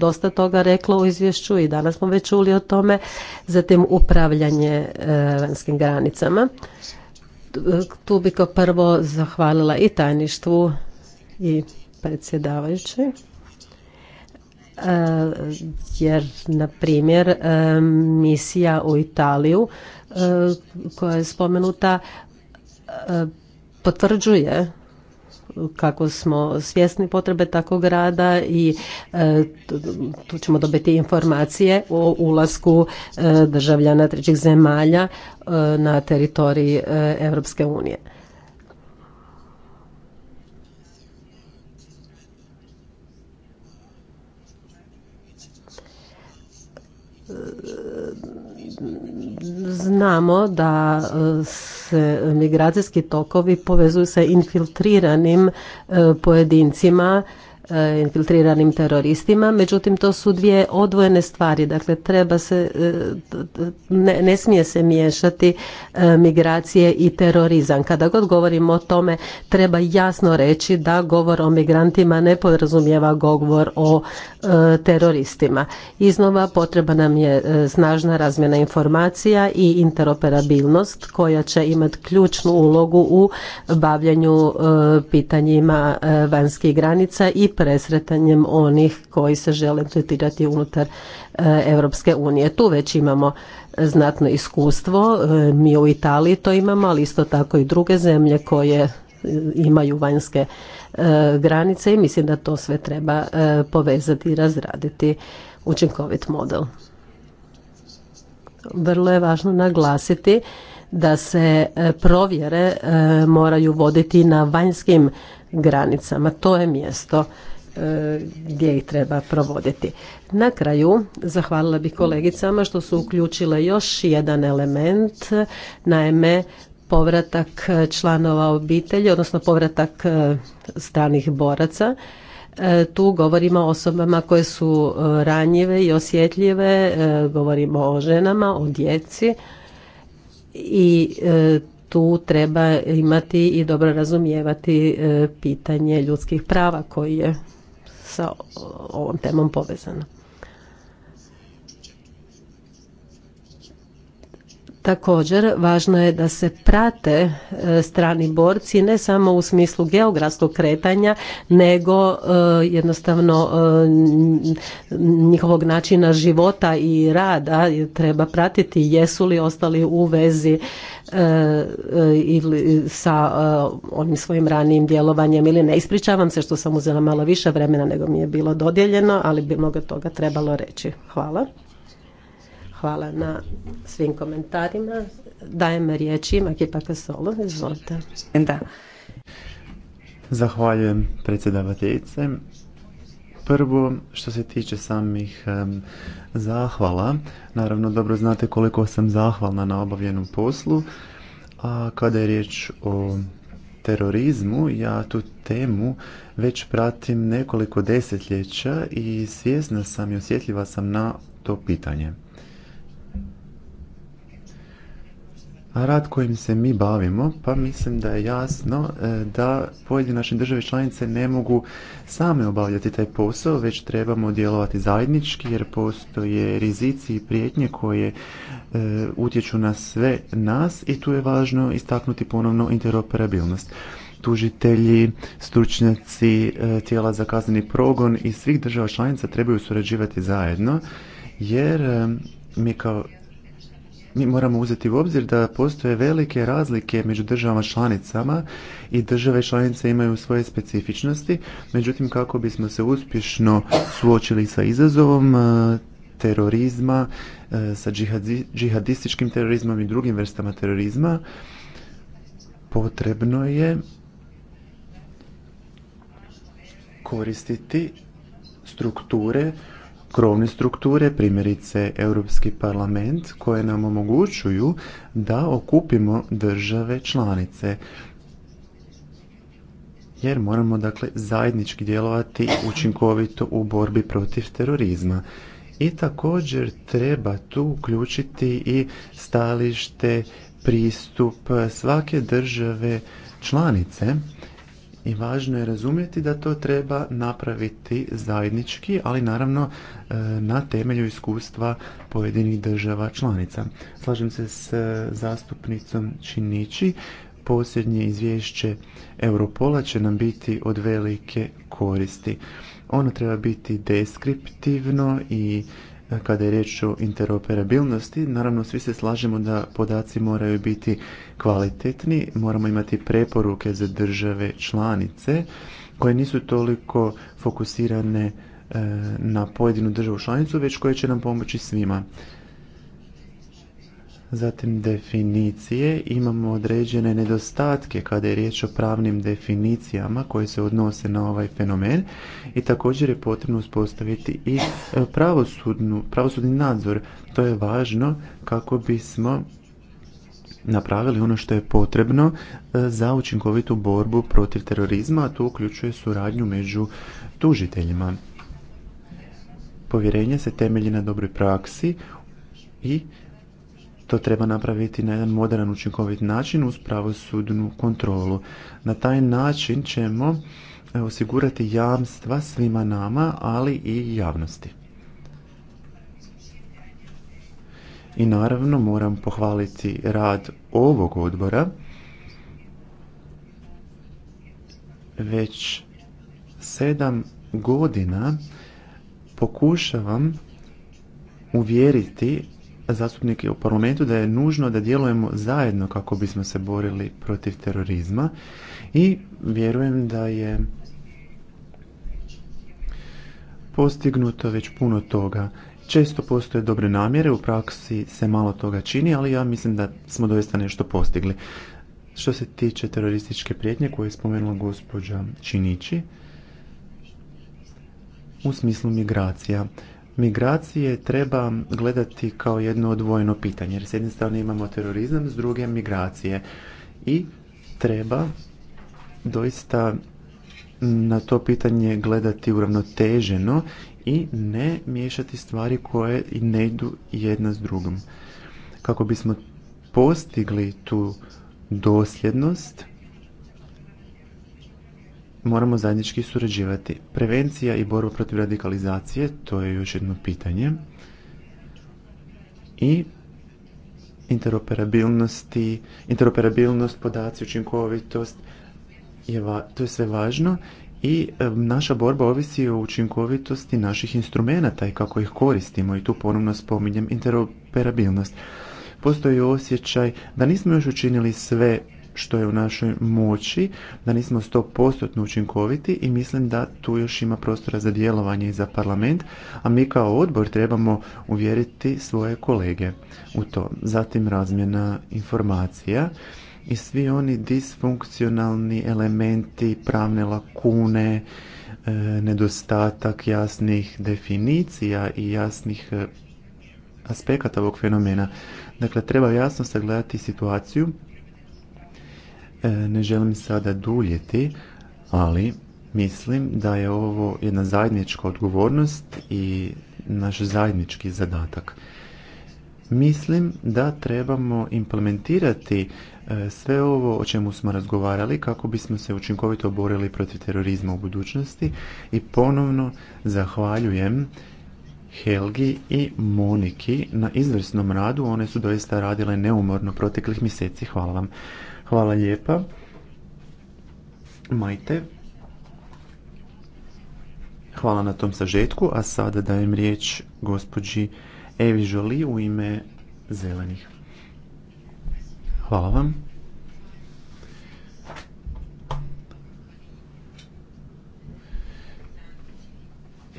dosta toga reklo u izvješću i danas smo već čuli o tome. Zatim upravljanje e, vanjskim granicama. Tu bi kao prvo zahvalila i tajništvu i predsjedavajući jer na primjer misija u Italiju koja je spomenuta potvrđuje kako smo svjesni potrebe takvog rada i e, tu ćemo dobiti informacije o ulasku e, državljana trećih zemalja e, na teritoriji Europske unije. Znamo da e, se migracijski tokovi povezuju sa infiltriranim e, pojedincima E, infiltriranim teroristima, međutim to su dvije odvojene stvari, dakle treba se, e, ne, smije se miješati e, migracije i terorizam. Kada god govorimo o tome treba jasno reći da govor o migrantima ne podrazumijeva govor o teroristima. Iznova potreba nam je snažna razmjena informacija i interoperabilnost koja će imati ključnu ulogu u bavljanju pitanjima vanjskih granica i presretanjem onih koji se žele tretirati unutar Europske unije. Tu već imamo e, znatno iskustvo, e, mi u Italiji to imamo, ali isto tako i druge zemlje koje e, imaju vanjske granice i mislim da to sve treba povezati i razraditi učinkovit model. Vrlo je važno naglasiti da se provjere moraju voditi na vanjskim granicama. To je mjesto E, gdje ih treba provoditi. Na kraju zahvalila bih kolegicama što su uključile još jedan element, naime povratak članova obitelji, odnosno povratak e, stranih boraca. E, tu govorimo o osobama koje su ranjive i osjetljive, govorimo o ženama, o djeci i tu treba imati i dobro razumijevati pitanje ljudskih prava koji je sa ovom temom povezano. Također, važno je da se prate e, strani borci ne samo u smislu geografskog kretanja, nego e, jednostavno e, njihovog načina života i rada treba pratiti jesu li ostali u vezi ili sa onim svojim ranijim djelovanjem ili ne. Ispričavam se što sam uzela malo više vremena nego mi je bilo dodijeljeno, ali bi mnogo toga trebalo reći. Hvala. Hvala na svim komentarima. Dajem riječ ima Kipaka Izvolite. Da. Zahvaljujem predsjedavateljice. Prvo, što se tiče samih zahvala, naravno dobro znate koliko sam zahvalna na obavljenom poslu, a kada je riječ o terorizmu, ja tu temu već pratim nekoliko desetljeća i svjesna sam i osjetljiva sam na to pitanje. rad kojim se mi bavimo, pa mislim da je jasno e, da pojedine naše države članice ne mogu same obavljati taj posao, već trebamo djelovati zajednički jer postoje rizici i prijetnje koje e, utječu na sve nas i tu je važno istaknuti ponovno interoperabilnost. Tužitelji, stručnjaci, e, tijela za kazneni progon i svih država članica trebaju surađivati zajedno jer mi kao mi moramo uzeti u obzir da postoje velike razlike među državama članicama i države članice imaju svoje specifičnosti, međutim kako bismo se uspješno suočili sa izazovom e, terorizma, e, sa džihadističkim terorizmom i drugim vrstama terorizma, potrebno je koristiti strukture krovne strukture, primjerice Europski parlament, koje nam omogućuju da okupimo države članice. Jer moramo dakle zajednički djelovati učinkovito u borbi protiv terorizma. I također treba tu uključiti i stalište, pristup svake države članice i važno je razumjeti da to treba napraviti zajednički, ali naravno e, na temelju iskustva pojedinih država članica. Slažem se s e, zastupnicom Činići, posljednje izvješće Europola će nam biti od velike koristi. Ono treba biti deskriptivno i kada je riječ o interoperabilnosti. Naravno, svi se slažemo da podaci moraju biti kvalitetni, moramo imati preporuke za države članice koje nisu toliko fokusirane eh, na pojedinu državu članicu, već koje će nam pomoći svima. Zatim definicije. Imamo određene nedostatke kada je riječ o pravnim definicijama koje se odnose na ovaj fenomen i također je potrebno uspostaviti i e, pravosudni nadzor. To je važno kako bismo napravili ono što je potrebno e, za učinkovitu borbu protiv terorizma, a to uključuje suradnju među tužiteljima. Povjerenje se temelji na dobroj praksi i to treba napraviti na jedan modern učinkovit način uz pravosudnu kontrolu. Na taj način ćemo e, osigurati jamstva svima nama, ali i javnosti. I naravno moram pohvaliti rad ovog odbora. Već sedam godina pokušavam uvjeriti zastupnike u parlamentu da je nužno da djelujemo zajedno kako bismo se borili protiv terorizma i vjerujem da je postignuto već puno toga. Često postoje dobre namjere, u praksi se malo toga čini, ali ja mislim da smo doista nešto postigli. Što se tiče terorističke prijetnje koje je spomenula gospođa Činići, u smislu migracija migracije treba gledati kao jedno odvojeno pitanje. Jer s jedne strane imamo terorizam, s druge migracije. I treba doista na to pitanje gledati uravnoteženo i ne miješati stvari koje ne idu jedna s drugom. Kako bismo postigli tu dosljednost, moramo zajednički surađivati. Prevencija i borba protiv radikalizacije, to je još jedno pitanje. I interoperabilnosti, interoperabilnost, podaci, učinkovitost, je va, to je sve važno i naša borba ovisi o učinkovitosti naših instrumenata i kako ih koristimo i tu ponovno spominjem interoperabilnost. Postoji osjećaj da nismo još učinili sve što je u našoj moći, da nismo 100% učinkoviti i mislim da tu još ima prostora za djelovanje i za parlament, a mi kao odbor trebamo uvjeriti svoje kolege u to. Zatim razmjena informacija i svi oni disfunkcionalni elementi, pravne lakune, e, nedostatak jasnih definicija i jasnih e, aspekata ovog fenomena. Dakle, treba jasno sagledati situaciju E, ne želim sada duljeti, ali mislim da je ovo jedna zajednička odgovornost i naš zajednički zadatak. Mislim da trebamo implementirati e, sve ovo o čemu smo razgovarali kako bismo se učinkovito borili protiv terorizma u budućnosti i ponovno zahvaljujem Helgi i Moniki na izvrsnom radu. One su doista radile neumorno proteklih mjeseci. Hvala vam. Hvala lijepa. Majte. Hvala na tom sažetku, a sada dajem riječ gospođi Evi Žoli u ime zelenih. Hvala vam.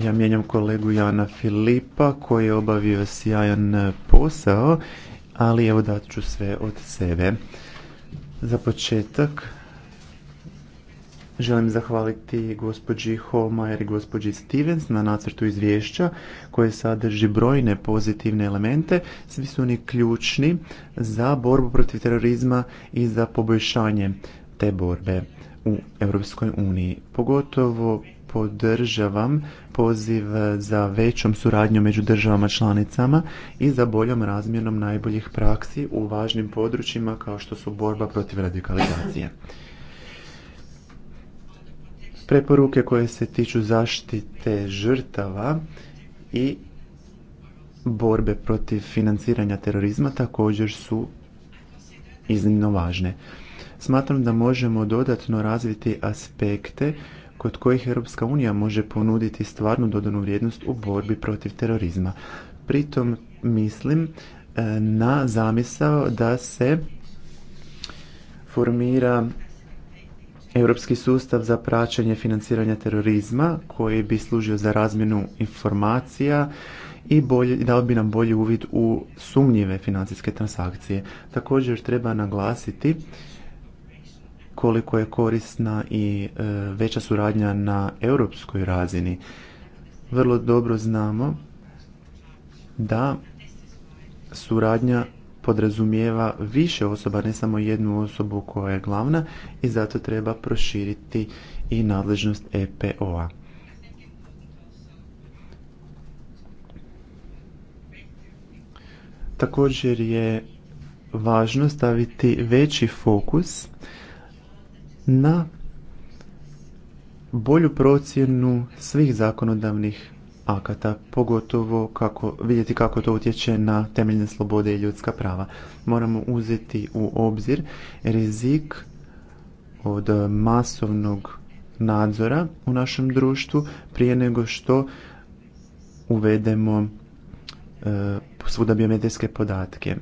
Ja mijenjam kolegu Jana Filipa koji je obavio sjajan posao, ali evo dat ću sve od sebe. Za početak želim zahvaliti gospođi Holmajer i gospođi Stevens na nacrtu izvješća koje sadrži brojne pozitivne elemente. Svi su oni ključni za borbu protiv terorizma i za poboljšanje te borbe u Europskoj uniji. Pogotovo podržavam poziv za većom suradnjom među državama članicama i za boljom razmjenom najboljih praksi u važnim područjima kao što su borba protiv radikalizacije. Preporuke koje se tiču zaštite žrtava i borbe protiv financiranja terorizma također su iznimno važne. Smatram da možemo dodatno razviti aspekte kod kojih Europska unija može ponuditi stvarnu dodanu vrijednost u borbi protiv terorizma. Pritom mislim e, na zamisao da se formira Europski sustav za praćenje financiranja terorizma koji bi služio za razmjenu informacija i bolje, dao bi nam bolji uvid u sumnjive financijske transakcije. Također treba naglasiti koliko je korisna i e, veća suradnja na europskoj razini. Vrlo dobro znamo da suradnja podrazumijeva više osoba, ne samo jednu osobu koja je glavna i zato treba proširiti i nadležnost EPO-a. Također je važno staviti veći fokus na bolju procjenu svih zakonodavnih akata, pogotovo kako, vidjeti kako to utječe na temeljne slobode i ljudska prava. Moramo uzeti u obzir rizik od masovnog nadzora u našem društvu prije nego što uvedemo e, svuda biometrijske podatke.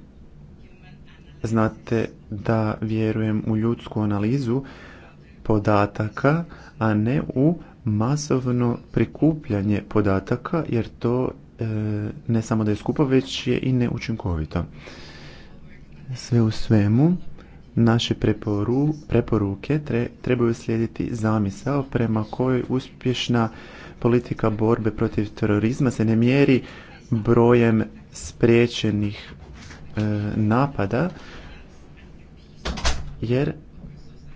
Znate da vjerujem u ljudsku analizu podataka, a ne u masovno prikupljanje podataka jer to e, ne samo da je skupo, već je i neučinkovito. Sve u svemu, naše preporuke trebaju slijediti zamisao prema kojoj uspješna politika borbe protiv terorizma se ne mjeri brojem spriječenih e, napada jer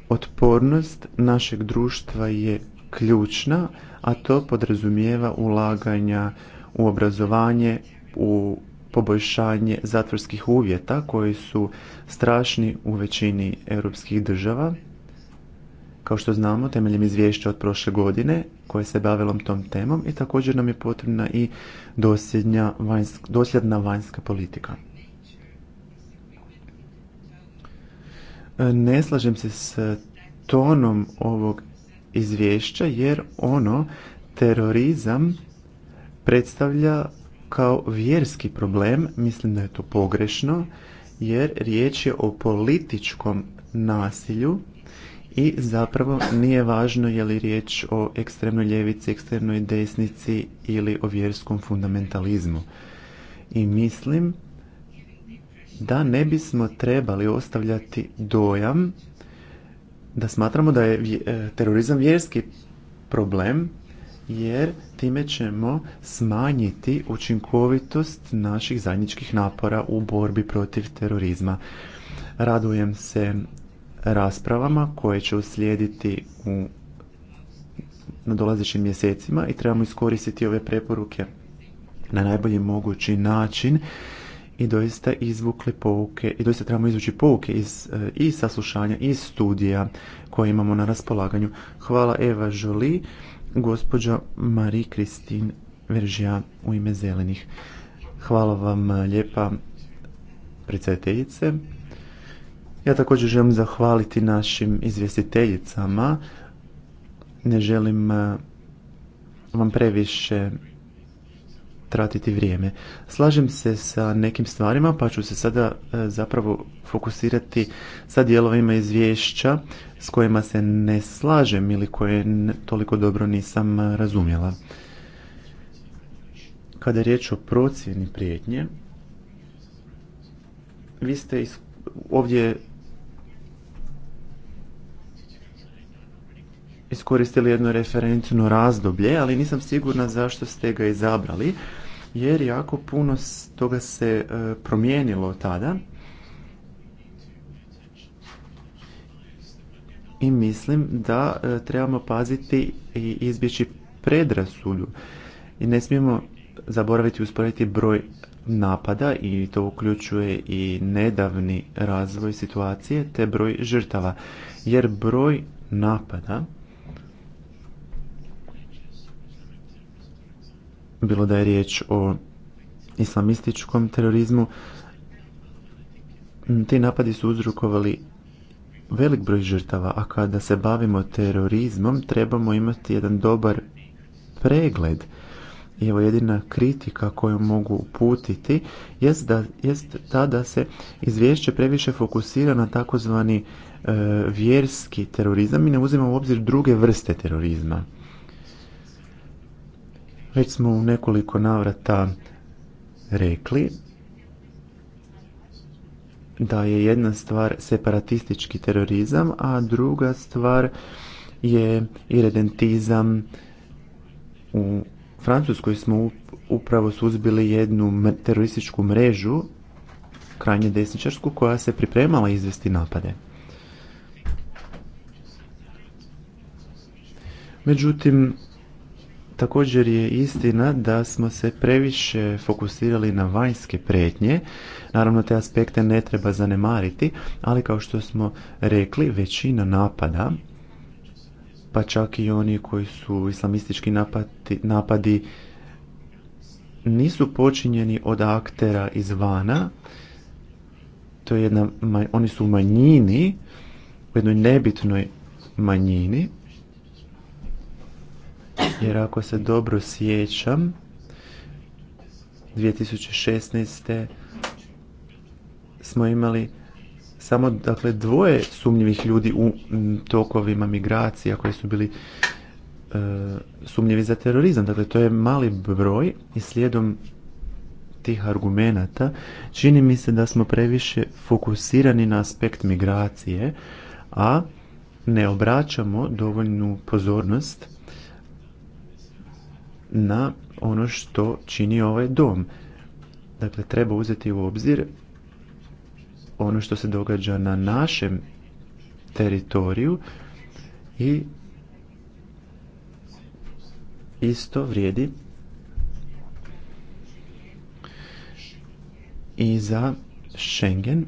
Otpornost našeg društva je ključna, a to podrazumijeva ulaganja u obrazovanje, u poboljšanje zatvorskih uvjeta koji su strašni u većini europskih država. Kao što znamo, temeljem izvješća od prošle godine koje se bavilo tom temom i također nam je potrebna i dosljedna vanjska politika. Ne slažem se s tonom ovog izvješća jer ono terorizam predstavlja kao vjerski problem, mislim da je to pogrešno jer riječ je o političkom nasilju i zapravo nije važno je li riječ o ekstremnoj ljevici, ekstremnoj desnici ili o vjerskom fundamentalizmu. I mislim da ne bismo trebali ostavljati dojam da smatramo da je e, terorizam vjerski problem jer time ćemo smanjiti učinkovitost naših zajedničkih napora u borbi protiv terorizma. Radujem se raspravama koje će uslijediti u nadolazećim mjesecima i trebamo iskoristiti ove preporuke na najbolji mogući način i doista izvukli pouke i doista trebamo izvući pouke iz e, i saslušanja i studija koje imamo na raspolaganju. Hvala Eva Žoli, gospođo Marie Kristin Veržija u ime Zelenih. Hvala vam e, lijepa predsjedateljice. Ja također želim zahvaliti našim izvjestiteljicama. Ne želim e, vam previše tratiti vrijeme. Slažem se sa nekim stvarima, pa ću se sada e, zapravo fokusirati sa dijelovima izvješća s kojima se ne slažem ili koje toliko dobro nisam razumjela. Kada je riječ o procjeni prijetnje, vi ste ovdje iskoristili jedno referencijno razdoblje, ali nisam sigurna zašto ste ga izabrali jer jako puno toga se e, promijenilo tada i mislim da e, trebamo paziti i izbjeći predrasulju i ne smijemo zaboraviti usporediti broj napada i to uključuje i nedavni razvoj situacije te broj žrtava jer broj napada bilo da je riječ o islamističkom terorizmu. Ti napadi su uzrokovali velik broj žrtava, a kada se bavimo terorizmom trebamo imati jedan dobar pregled. I evo jedina kritika koju mogu uputiti jest, da, jest ta da se izvješće previše fokusira na takozvani e, vjerski terorizam i ne uzima u obzir druge vrste terorizma. Već smo u nekoliko navrata rekli da je jedna stvar separatistički terorizam, a druga stvar je iredentizam. U Francuskoj smo upravo suzbili jednu terorističku mrežu, krajnje desničarsku, koja se pripremala izvesti napade. Međutim, Također je istina da smo se previše fokusirali na vanjske pretnje. Naravno, te aspekte ne treba zanemariti, ali kao što smo rekli, većina napada, pa čak i oni koji su islamistički napadi, napadi nisu počinjeni od aktera izvana, to je jedna, oni su u manjini, u jednoj nebitnoj manjini, jer ako se dobro sjećam, 2016. smo imali samo dakle dvoje sumnjivih ljudi u tokovima migracija koji su bili e, sumnjivi za terorizam. Dakle, to je mali broj i slijedom tih argumenata čini mi se da smo previše fokusirani na aspekt migracije, a ne obraćamo dovoljnu pozornost na ono što čini ovaj dom. Dakle, treba uzeti u obzir ono što se događa na našem teritoriju i isto vrijedi i za Schengen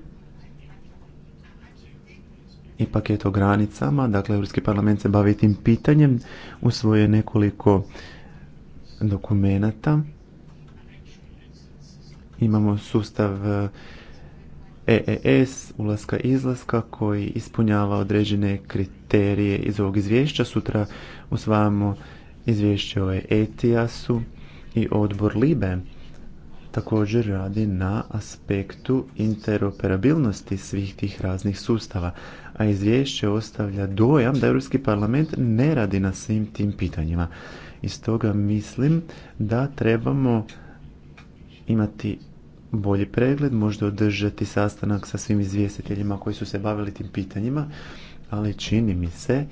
i paket o granicama. Dakle, Europski parlament se bavi tim pitanjem, svoje nekoliko dokumenata. Imamo sustav EES, eh, e ulaska izlaska, koji ispunjava određene kriterije iz ovog izvješća. Sutra usvajamo izvješće o ETIAS-u i odbor LIBE također radi na aspektu interoperabilnosti svih tih raznih sustava, a izvješće ostavlja dojam da Europski parlament ne radi na svim tim pitanjima. I stoga mislim da trebamo imati bolji pregled, možda održati sastanak sa svim izvjestiteljima koji su se bavili tim pitanjima, ali čini mi se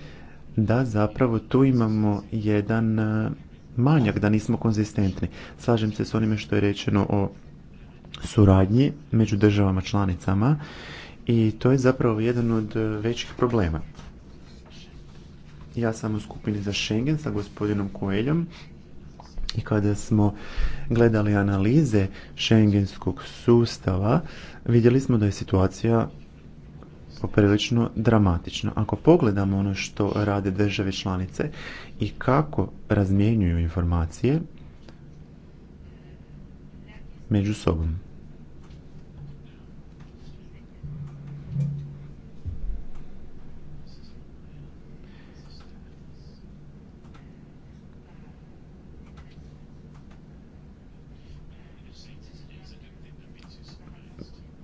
da zapravo tu imamo jedan e, manjak, da nismo konzistentni. Slažem se s onime što je rečeno o suradnji među državama članicama i to je zapravo jedan od e, većih problema. Ja sam u skupini za Schengen sa gospodinom Koeljom i kada smo gledali analize Schengenskog sustava, vidjeli smo da je situacija poprilično dramatična. Ako pogledamo ono što rade države članice i kako razmjenjuju informacije među sobom.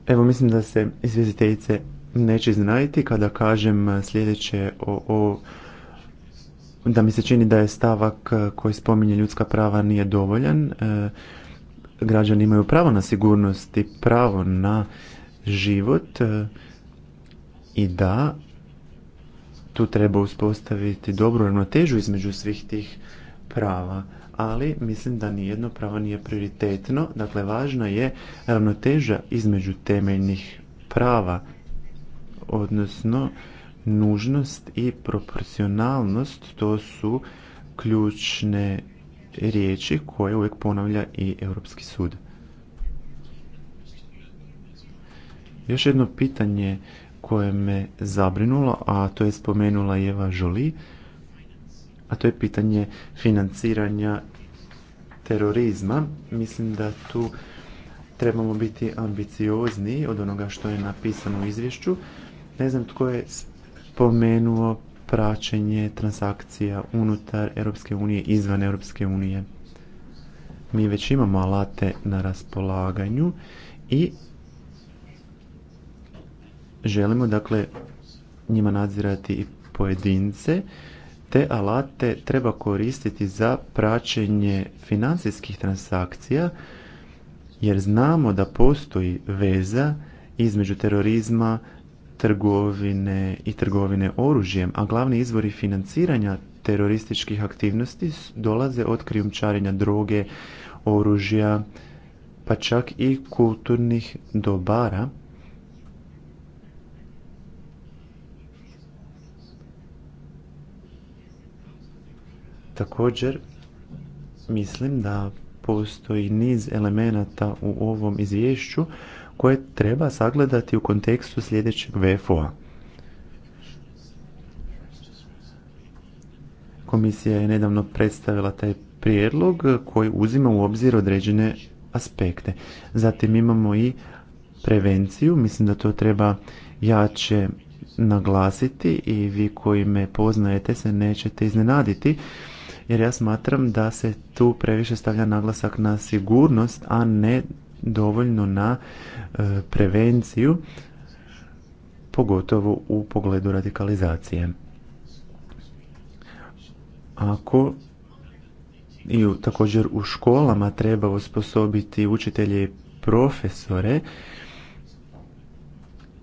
Evo mislim da se izvjestiteljice neće iznenaditi kada kažem eh, sljedeće o, o da mi se čini da je stavak eh, koji spominje ljudska prava nije dovoljan. Eh, građani imaju pravo na sigurnost i pravo na život i da tu treba uspostaviti dobru ravnotežu između svih tih prava ali mislim da nijedno pravo nije prioritetno. Dakle, važna je ravnoteža između temeljnih prava, odnosno nužnost i proporcionalnost. To su ključne riječi koje uvijek ponavlja i Europski sud. Još jedno pitanje koje me zabrinulo, a to je spomenula Eva Žoli, a to je pitanje financiranja terorizma. Mislim da tu trebamo biti ambiciozniji od onoga što je napisano u izvješću. Ne znam tko je spomenuo praćenje transakcija unutar Europske unije, izvan Europske unije. Mi već imamo alate na raspolaganju i želimo dakle njima nadzirati i pojedince te alate treba koristiti za praćenje financijskih transakcija jer znamo da postoji veza između terorizma, trgovine i trgovine oružjem, a glavni izvori financiranja terorističkih aktivnosti dolaze od krijumčarenja droge, oružja, pa čak i kulturnih dobara Također, mislim da postoji niz elemenata u ovom izvješću koje treba sagledati u kontekstu sljedećeg VFO-a. Komisija je nedavno predstavila taj prijedlog koji uzima u obzir određene aspekte. Zatim imamo i prevenciju, mislim da to treba jače naglasiti i vi koji me poznajete se nećete iznenaditi jer ja smatram da se tu previše stavlja naglasak na sigurnost, a ne dovoljno na e, prevenciju, pogotovo u pogledu radikalizacije. Ako i također u školama treba osposobiti učitelje i profesore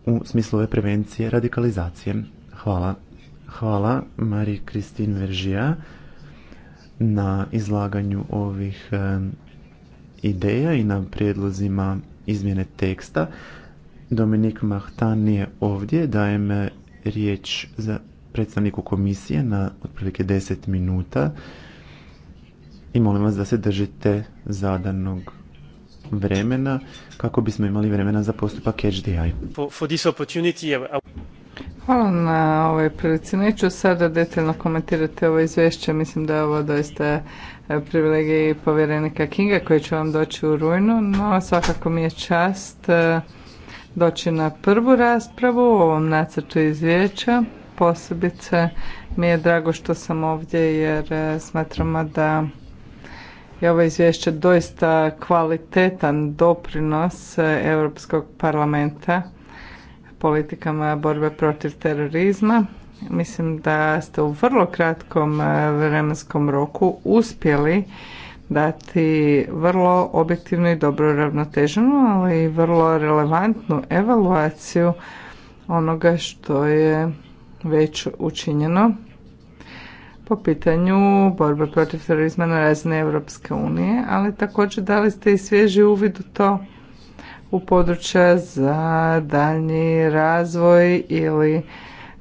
u smislu ove prevencije radikalizacije. Hvala. Hvala Mari Kristin Veržija na izlaganju ovih eh, ideja i na prijedlozima izmjene teksta. Dominik Mahtan nije ovdje, dajem eh, riječ za predstavniku komisije na otprilike 10 minuta i molim vas da se držite zadanog vremena kako bismo imali vremena za postupak HDI. Hvala na ovoj prilici. Neću sada detaljno komentirati ovo izvješće. Mislim da je ovo doista e, privilegija povjerenika Kinga koji će vam doći u rujnu, no svakako mi je čast e, doći na prvu raspravu o ovom nacrtu izvješća. Posebice mi je drago što sam ovdje jer e, smatramo da je ovo izvješće doista kvalitetan doprinos Europskog parlamenta politikama borbe protiv terorizma. Mislim da ste u vrlo kratkom eh, vremenskom roku uspjeli dati vrlo objektivnu i dobro ravnoteženu, ali i vrlo relevantnu evaluaciju onoga što je već učinjeno po pitanju borbe protiv terorizma na razine Europske unije, ali također dali ste i svježi uvid u to u područja za daljnji razvoj ili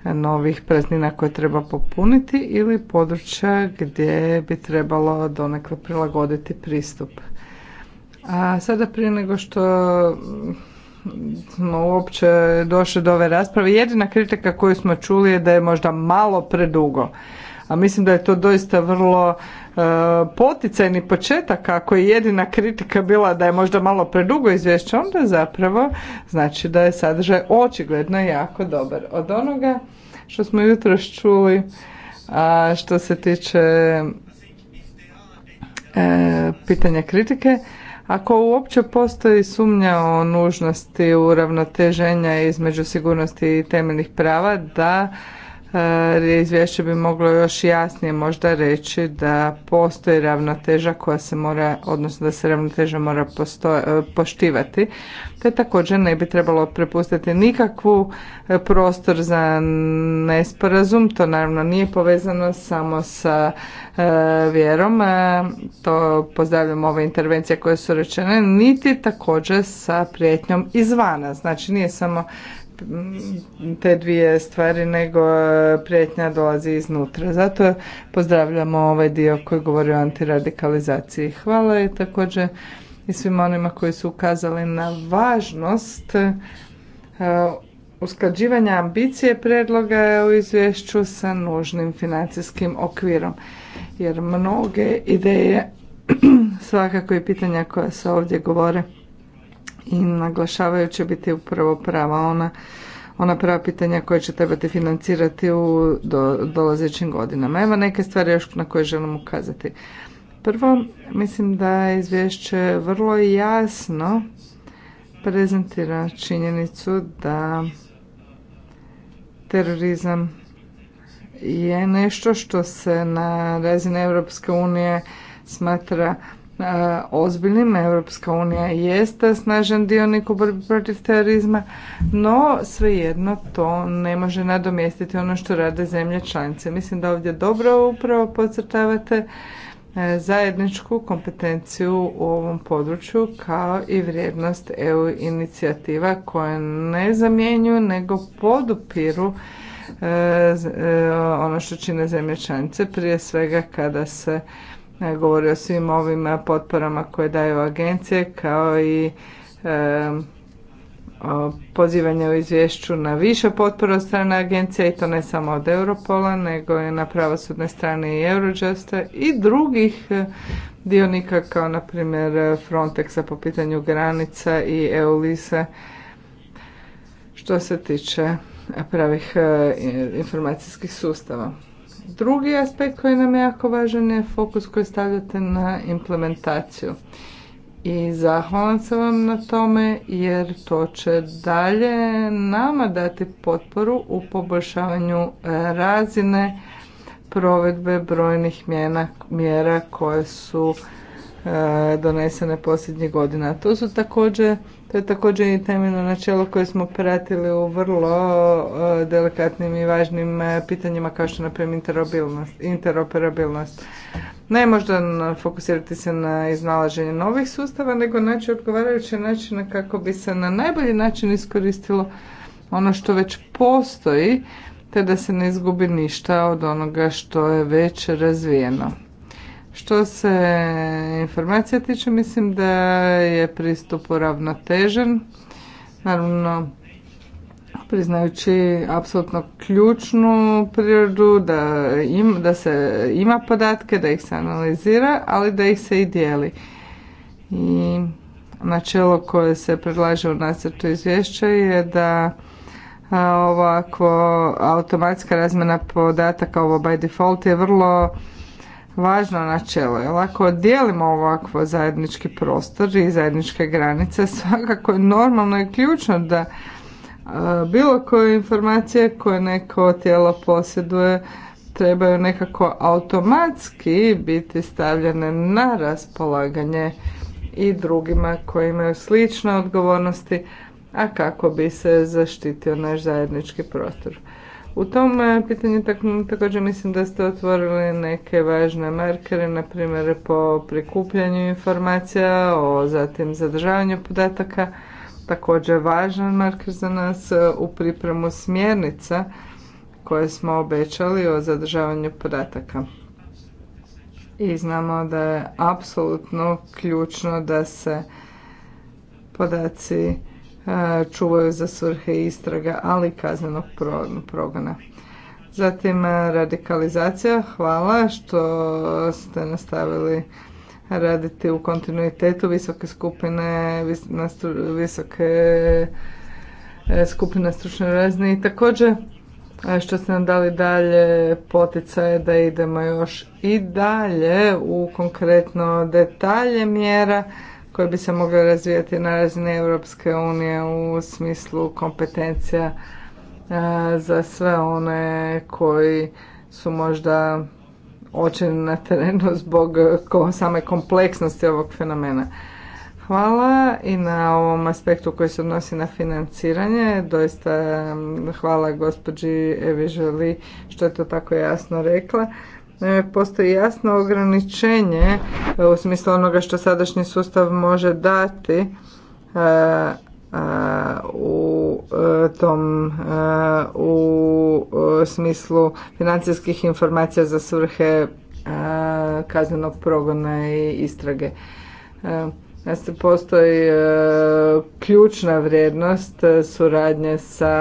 novih praznina koje treba popuniti ili područja gdje bi trebalo donekle prilagoditi pristup. A sada prije nego što smo uopće došli do ove rasprave, jedina kritika koju smo čuli je da je možda malo predugo. A mislim da je to doista vrlo E, poticajni početak, ako je jedina kritika bila da je možda malo predugo izvješće, onda zapravo znači da je sadržaj očigledno jako dobar. Od onoga što smo jutros čuli, a što se tiče e, pitanja kritike, ako uopće postoji sumnja o nužnosti uravnoteženja između sigurnosti i temeljnih prava, da E, izvješće bi moglo još jasnije možda reći da postoji ravnoteža koja se mora, odnosno da se ravnoteža mora e, poštivati, te također ne bi trebalo prepustiti nikakvu e, prostor za nesporazum, to naravno nije povezano samo sa vjerom, to pozdravljam ove intervencije koje su rečene, niti također sa prijetnjom izvana, znači nije samo te dvije stvari, nego e, prijetnja dolazi iznutra. Zato pozdravljamo ovaj dio koji govori o antiradikalizaciji. Hvala i također i svima onima koji su ukazali na važnost e, usklađivanja ambicije predloga u izvješću sa nužnim financijskim okvirom. Jer mnoge ideje, (clears throat) svakako i pitanja koja se ovdje govore, i naglašavajuće biti upravo prava ona ona prava pitanja koje će trebati financirati u do, dolazećim godinama. Evo neke stvari još na koje želim ukazati. Prvo, mislim da je izvješće vrlo jasno prezentira činjenicu da terorizam je nešto što se na razini Europske unije smatra E, ozbiljnim. Europska unija jeste snažan dionik u borbi protiv terorizma, no svejedno to ne može nadomjestiti ono što rade zemlje članice. Mislim da ovdje dobro upravo podcrtavate e, zajedničku kompetenciju u ovom području kao i vrijednost EU inicijativa koje ne zamjenjuju nego podupiru e, ono što čine zemlje članice prije svega kada se govori o svim ovim eh, potporama koje daju agencije kao i pozivanje u izvješću na više potpora od strane agencije i to ne samo od Europola nego i na pravosudne strane i Eurojusta i drugih eh, dionika kao na primjer eh, Frontexa po pitanju granica i EULISA što se tiče pravih informacijskih sustava. Drugi aspekt koji nam je jako važan je fokus koji stavljate na implementaciju. I zahvalan sam vam na tome jer to će dalje nama dati potporu u poboljšavanju e, razine provedbe brojnih mjera koje su e, donesene posljednjih godina. To su također to je također i temeljno načelo koje smo pratili u vrlo e, delikatnim i važnim e, pitanjima kao što je interoperabilnost. Ne možda fokusirati se na iznalaženje novih sustava, nego naći odgovarajuće načine kako bi se na najbolji način iskoristilo ono što već postoji, te da se ne izgubi ništa od onoga što je već razvijeno. Što se informacija tiče, mislim da je pristup uravnotežen. Naravno, priznajući apsolutno ključnu prirodu, da, da se ima podatke, da ih se analizira, ali da ih se i dijeli. I načelo koje se predlaže u nacrtu izvješća je da ovako automatska razmjena podataka ovo by default je vrlo važno načelo. Jer ako dijelimo ovakvo zajednički prostor i zajedničke granice, (laughs) svakako je normalno i ključno da e, bilo koje informacije koje neko tijelo posjeduje trebaju nekako automatski biti stavljene na raspolaganje i drugima koji imaju slične odgovornosti, a kako bi se zaštitio naš zajednički prostor. U tom e, pitanju također mislim da ste otvorili neke važne markere, na primjer po prikupljanju informacija, o zatim zadržavanju podataka, također važan marker za nas e, u pripremu smjernica koje smo obećali o zadržavanju podataka. I znamo da je apsolutno ključno da se podaci čuvaju za svrhe istraga, ali kaznenog progona. Zatim radikalizacija, hvala što ste nastavili raditi u kontinuitetu visoke skupine, visoke e, skupine stručne razne i također što ste nam dali dalje poticaje da idemo još i dalje u konkretno detalje mjera koje bi se mogle razvijati na razini Europske unije u smislu kompetencija e, za sve one koji su možda očeni na terenu (laughs) zbog same kompleksnosti ovog fenomena. Hvala i na ovom aspektu koji se odnosi na financiranje. Doista hvala gospođi Evi što je to tako jasno rekla. E, postoji jasno ograničenje e, u smislu onoga što sadašnji sustav može dati e, u tom u smislu financijskih informacija za svrhe kaznenog progona i istrage nas postoji e, ključna vrijednost e, suradnje sa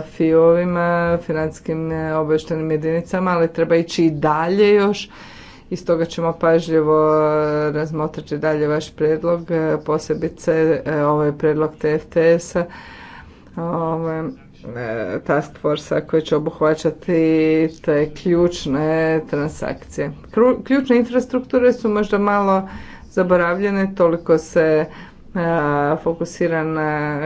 FIO-ovima, financijskim e, obavještajnim jedinicama, ali treba ići i dalje još i stoga ćemo pažljivo razmotriti dalje vaš predlog, posebice ovaj predlog TFTS-a, ovaj task force koji će obuhvaćati te ključne transakcije. Ključne infrastrukture su možda malo zaboravljene, toliko se e, fokusira na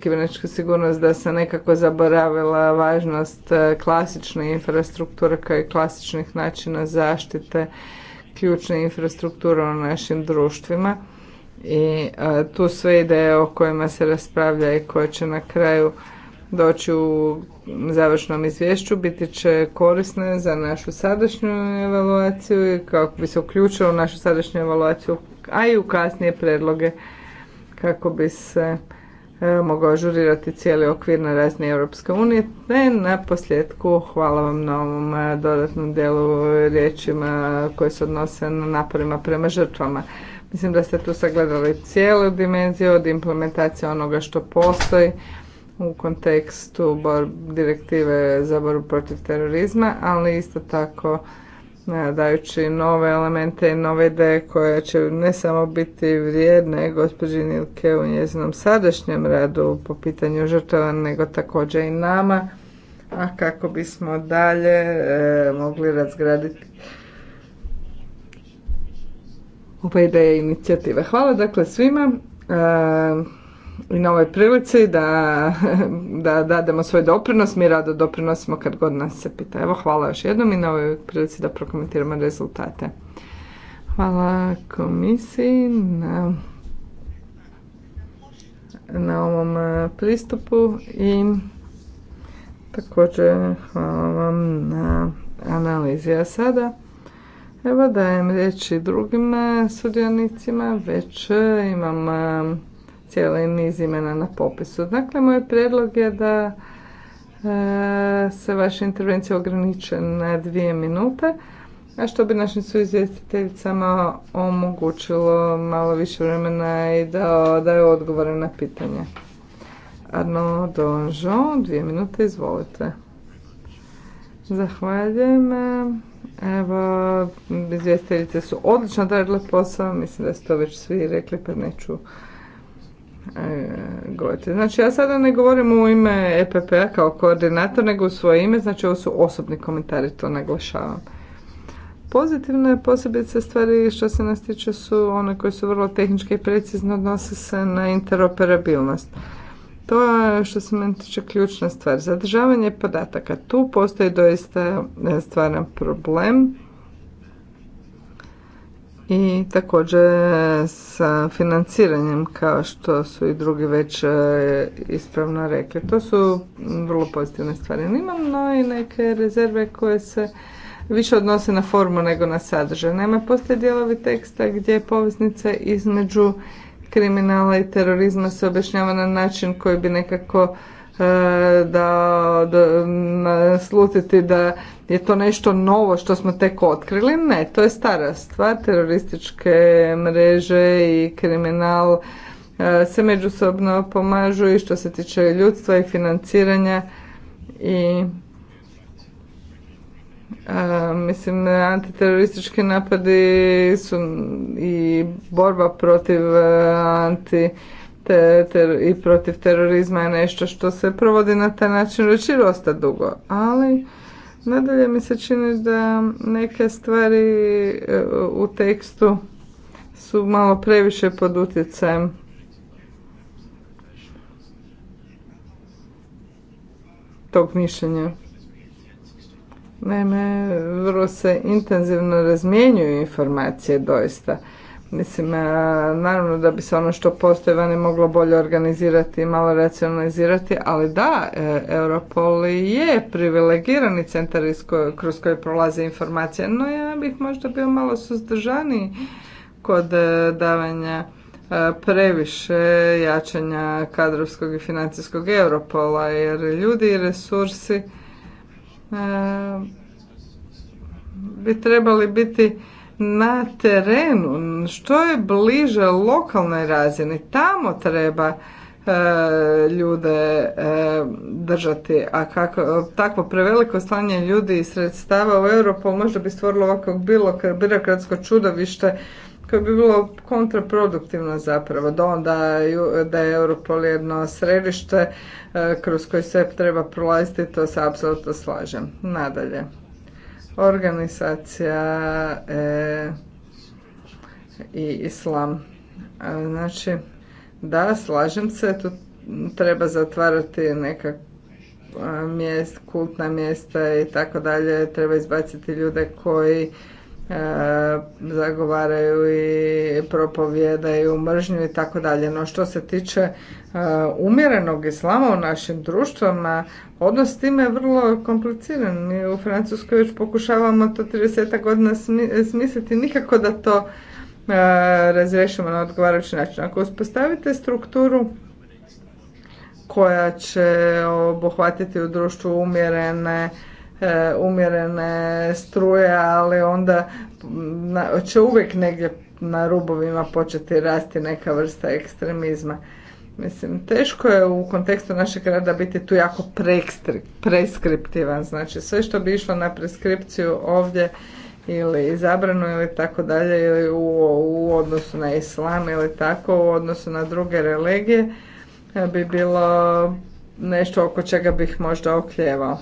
kibernetičku sigurnost da se nekako zaboravila važnost e, klasične infrastrukture kao i klasičnih načina zaštite ključne infrastrukture u našim društvima i e, tu sve ideje o kojima se raspravlja i koje će na kraju doći u završnom izvješću biti će korisne za našu sadašnju evaluaciju i kako bi se uključilo u našu sadašnju evaluaciju a i u kasnije predloge kako bi se e, mogao ažurirati cijeli okvir na razne Europske unije. Te na posljedku hvala vam na ovom e, dodatnom dijelu riječima koje se odnose na naporima prema žrtvama. Mislim da ste tu sagledali cijelu dimenziju od implementacije onoga što postoji u kontekstu direktive za borbu protiv terorizma, ali isto tako dajući nove elemente i nove ideje koje će ne samo biti vrijedne gospođi Nilke u njezinom sadašnjem radu po pitanju žrtava, nego također i nama, a kako bismo dalje e, mogli razgraditi ove ideje i inicijative. Hvala dakle svima. E, i na ovoj prilici da, (laughs) da dademo svoj doprinos. Mi rado doprinosimo kad god nas se pita. Evo, hvala još jednom i na ovoj prilici da prokomentiramo rezultate. Hvala komisiji na, na ovom e, pristupu i također hvala vam na analizi. A sada evo dajem riječ i drugim e, sudionicima. Već e, imam cijeli niz imena na popisu. Dakle, moj predlog je da e, se vaša intervencija ograniče na dvije minute, a što bi našim suizvjestiteljicama omogućilo malo više vremena i da daju odgovore na pitanje. Arno Donžo, dvije minute, izvolite. Zahvaljujem. Evo, izvjestiteljice su odlično radile posao, mislim da ste to već svi rekli, pa neću Znači ja sada ne govorim u ime EPP-a kao koordinator, nego u svoje ime, znači ovo su osobni komentari, to naglašavam. Pozitivne posebice stvari što se nas tiče su one koje su vrlo tehničke i precizno odnose se na interoperabilnost. To je što se meni tiče ključna stvar. Zadržavanje podataka. Tu postoji doista stvaran problem i također sa financiranjem kao što su i drugi već e, ispravno rekli. To su vrlo pozitivne stvari. Imam no i neke rezerve koje se više odnose na formu nego na sadržaj. Nema postoje dijelovi teksta gdje poveznica između kriminala i terorizma se objašnjava na način koji bi nekako E, da, da naslutiti da je to nešto novo što smo tek otkrili. Ne, to je stara stvar. Terorističke mreže i kriminal e, se međusobno pomažu i što se tiče ljudstva i financiranja i a, e, mislim antiteroristički napadi su i borba protiv anti te, i protiv terorizma je nešto što se provodi na taj način već i dugo. Ali nadalje mi se čini da neke stvari e, u tekstu su malo previše pod utjecajem tog mišljenja. Naime, vrlo se intenzivno razmjenjuju informacije doista. Mislim, e, naravno da bi se ono što postoje vani moglo bolje organizirati i malo racionalizirati, ali da, e, Europol je privilegirani centar kroz koji prolaze informacije, no ja bih možda bio malo suzdržaniji kod e, davanja previše jačanja kadrovskog i financijskog Europola, jer ljudi i resursi bi trebali biti na terenu, što je bliže lokalnoj razini, tamo treba e, ljude e, držati, a kako, takvo preveliko stanje ljudi i sredstava u Europu možda bi stvorilo ovako bilo birokratsko čudovište koje bi bilo kontraproduktivno zapravo, da onda da je Europol jedno središte e, kroz koje se treba prolaziti, to se apsolutno slažem. Nadalje organizacija e, i islam. Znači, da, slažem se, tu treba zatvarati neka mjest, kultna mjesta i tako dalje, treba izbaciti ljude koji E, zagovaraju i propovjedaju mržnju i tako dalje. No što se tiče e, umjerenog islama u našim društvama, odnos s time je vrlo kompliciran. Mi u Francuskoj već pokušavamo to 30 godina smisliti nikako da to e, razriješimo na odgovarajući način. Ako uspostavite strukturu koja će obuhvatiti u društvu umjerene E, umjerene struje, ali onda će uvijek negdje na rubovima početi rasti neka vrsta ekstremizma. Mislim, teško je u kontekstu našeg rada biti tu jako preskriptivan, znači sve što bi išlo na preskripciju ovdje ili zabranu ili tako dalje ili u, u odnosu na islam ili tako u odnosu na druge religije e, bi bilo nešto oko čega bih možda okljevao.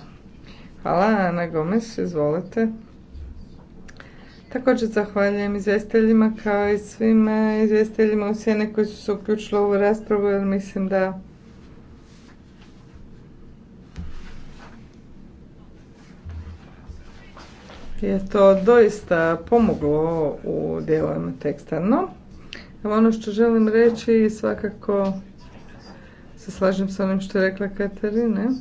Hvala, Ana Gomes, izvolite. Također zahvaljujem izvjestiteljima kao i svim eh, izvjestiteljima u sjene koji su se uključili u ovu raspravu jer mislim da je to doista pomoglo u dijelovima teksta. No, ono što želim reći svakako se slažem s onim što je rekla Katarina.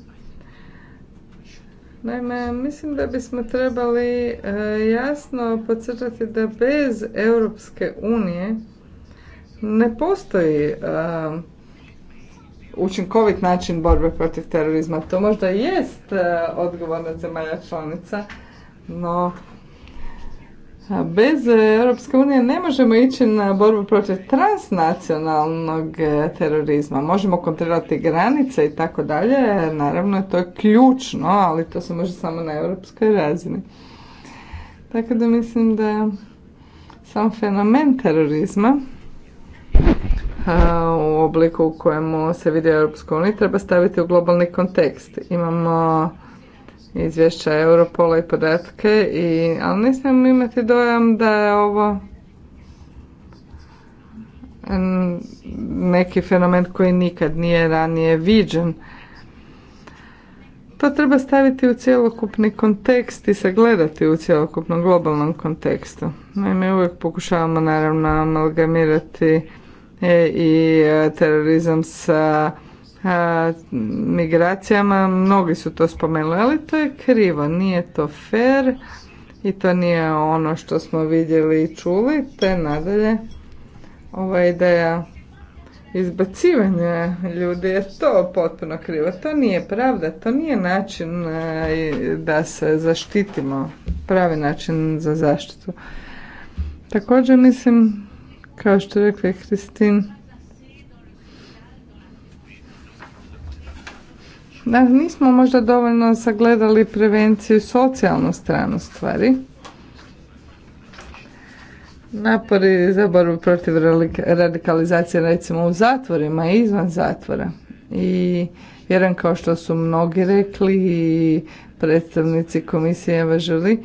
Naime, mislim da bismo trebali e, jasno podsjećati da bez Europske unije ne postoji e, učinkovit način borbe protiv terorizma. To možda jest e, odgovorna zemalja članica, no Bez e, Europske unije ne možemo ići na borbu protiv transnacionalnog e, terorizma. Možemo kontrolirati granice i tako dalje. Naravno, to je ključno, ali to se može samo na europskoj razini. Tako da mislim da sam fenomen terorizma u obliku u kojemu se vidi EU treba staviti u globalni kontekst. Imamo izvješća Europola i podatke, i, ali ne smijemo imati dojam da je ovo neki fenomen koji nikad nije ranije viđen. To treba staviti u cjelokupni kontekst i sagledati u cjelokupnom globalnom kontekstu. Naime, uvijek pokušavamo naravno amalgamirati e, i e, terorizam sa migracijama, mnogi su to spomenuli, ali to je krivo, nije to fair i to nije ono što smo vidjeli i čuli, te nadalje ova ideja izbacivanja ljudi je to potpuno krivo. To nije pravda, to nije način e, da se zaštitimo, pravi način za zaštitu. Također mislim, kao što rekla Kristin, nismo možda dovoljno sagledali prevenciju socijalnu stranu stvari. Napori za borbu protiv radikalizacije recimo u zatvorima i izvan zatvora. I vjerujem kao što su mnogi rekli i predstavnici komisije Eva Želi,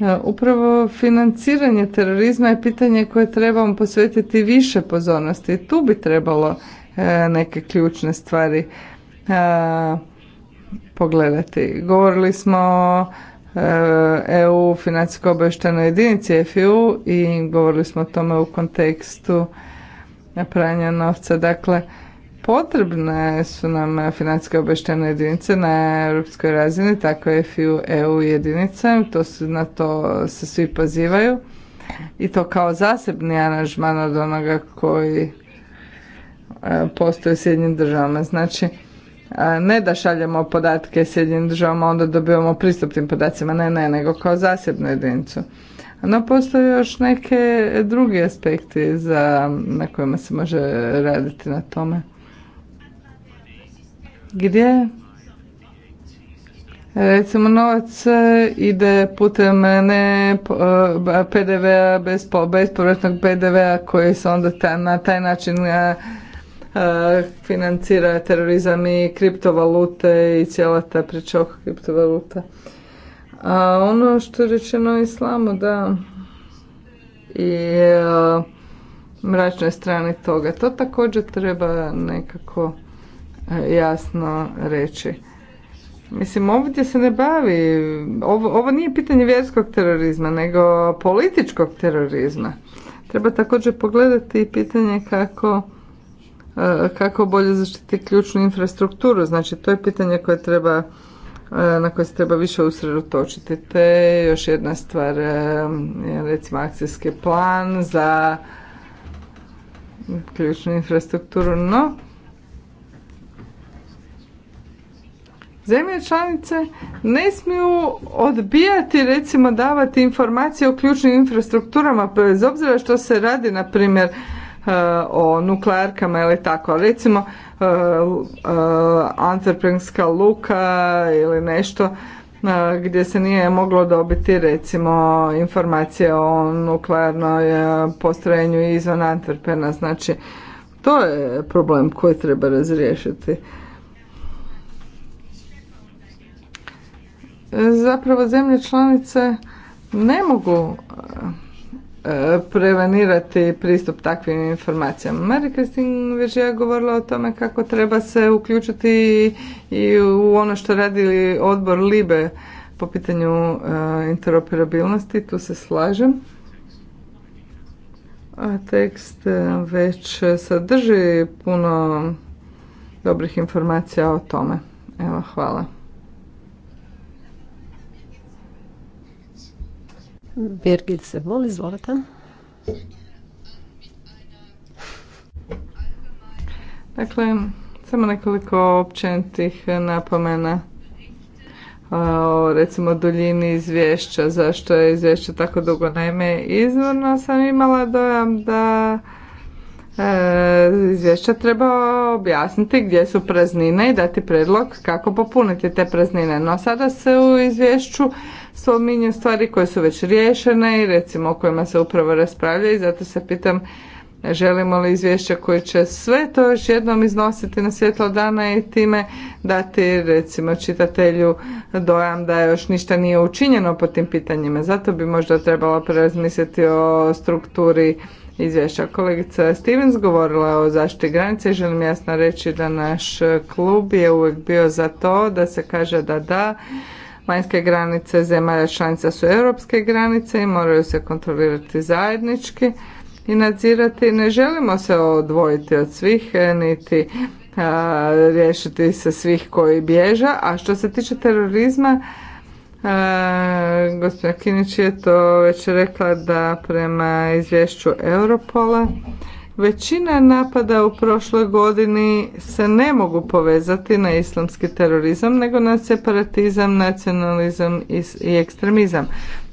e, Upravo financiranje terorizma je pitanje koje trebamo posvetiti više pozornosti. Tu bi trebalo e, neke ključne stvari e, pogledati. Govorili smo o e, EU financijsko obještenoj jedinici FIU i govorili smo o tome u kontekstu pranja novca. Dakle, potrebne su nam financijske obještene jedinice na europskoj razini, tako je FIU EU jedinice, to su, na to se svi pozivaju i to kao zasebni aranžman od onoga koji e, postoji u Sjedinjim državama. Znači, ne da šaljemo podatke s jednim državama, onda dobivamo pristup tim podacima, ne, ne, nego kao zasebnu jedinicu. No, postoje još neke drugi aspekti za, na kojima se može raditi na tome. Gdje Recimo novac e, ide putem ne e, PDV-a, bez, bespovratnog PDV-a koji se onda na taj način e, E, financira terorizam i kriptovalute i cijela ta priča kriptovaluta. A ono što je rečeno islamu, da, i e, mračnoj strani toga, to također treba nekako e, jasno reći. Mislim, ovdje se ne bavi, ovo, ovo nije pitanje vjerskog terorizma, nego političkog terorizma. Treba također pogledati pitanje kako E, kako bolje zaštiti ključnu infrastrukturu. Znači, to je pitanje koje treba e, na koje se treba više usredotočiti. Te još jedna stvar, e, recimo akcijski plan za ključnu infrastrukturu, no zemlje članice ne smiju odbijati recimo davati informacije o ključnim infrastrukturama bez obzira što se radi na primjer Eh, o nuklearkama ili tako. Recimo eh, eh, Antwerpenska luka ili nešto gdje se nije moglo dobiti recimo informacije o nuklearnoj postrojenju izvan Antwerpena. Znači to je problem koji treba razriješiti. Zapravo zemlje članice ne mogu E, prevenirati pristup takvim informacijama. Mari Kristin je govorila o tome kako treba se uključiti i u ono što radi odbor LIBE po pitanju e, interoperabilnosti, tu se slažem. A tekst e, već sadrži puno dobrih informacija o tome. Evo, hvala. Birgit se izvolite. Dakle, samo nekoliko općenitih napomena o recimo duljini izvješća, zašto je izvješće tako dugo. Naime, izvorno sam imala dojam da e, izvješća treba objasniti gdje su praznine i dati predlog kako popuniti te praznine. No sada se u izvješću spominju stvari koje su već riješene i recimo o kojima se upravo raspravlja i zato se pitam želimo li izvješća koje će sve to još jednom iznositi na svjetlo dana i time dati recimo čitatelju dojam da još ništa nije učinjeno po tim pitanjima. Zato bi možda trebalo prerazmisliti o strukturi izvješća. Kolegica Stevens govorila o zaštiti granice i želim jasno reći da naš klub je uvijek bio za to da se kaže da da Vanjske granice zemalja članica su europske granice i moraju se kontrolirati zajednički i nadzirati. Ne želimo se odvojiti od svih, e, niti a, riješiti se svih koji bježa. A što se tiče terorizma, a, e, gospođa Kinić je to već rekla da prema izvješću Europola Većina napada u prošloj godini se ne mogu povezati na islamski terorizam, nego na separatizam, nacionalizam i ekstremizam.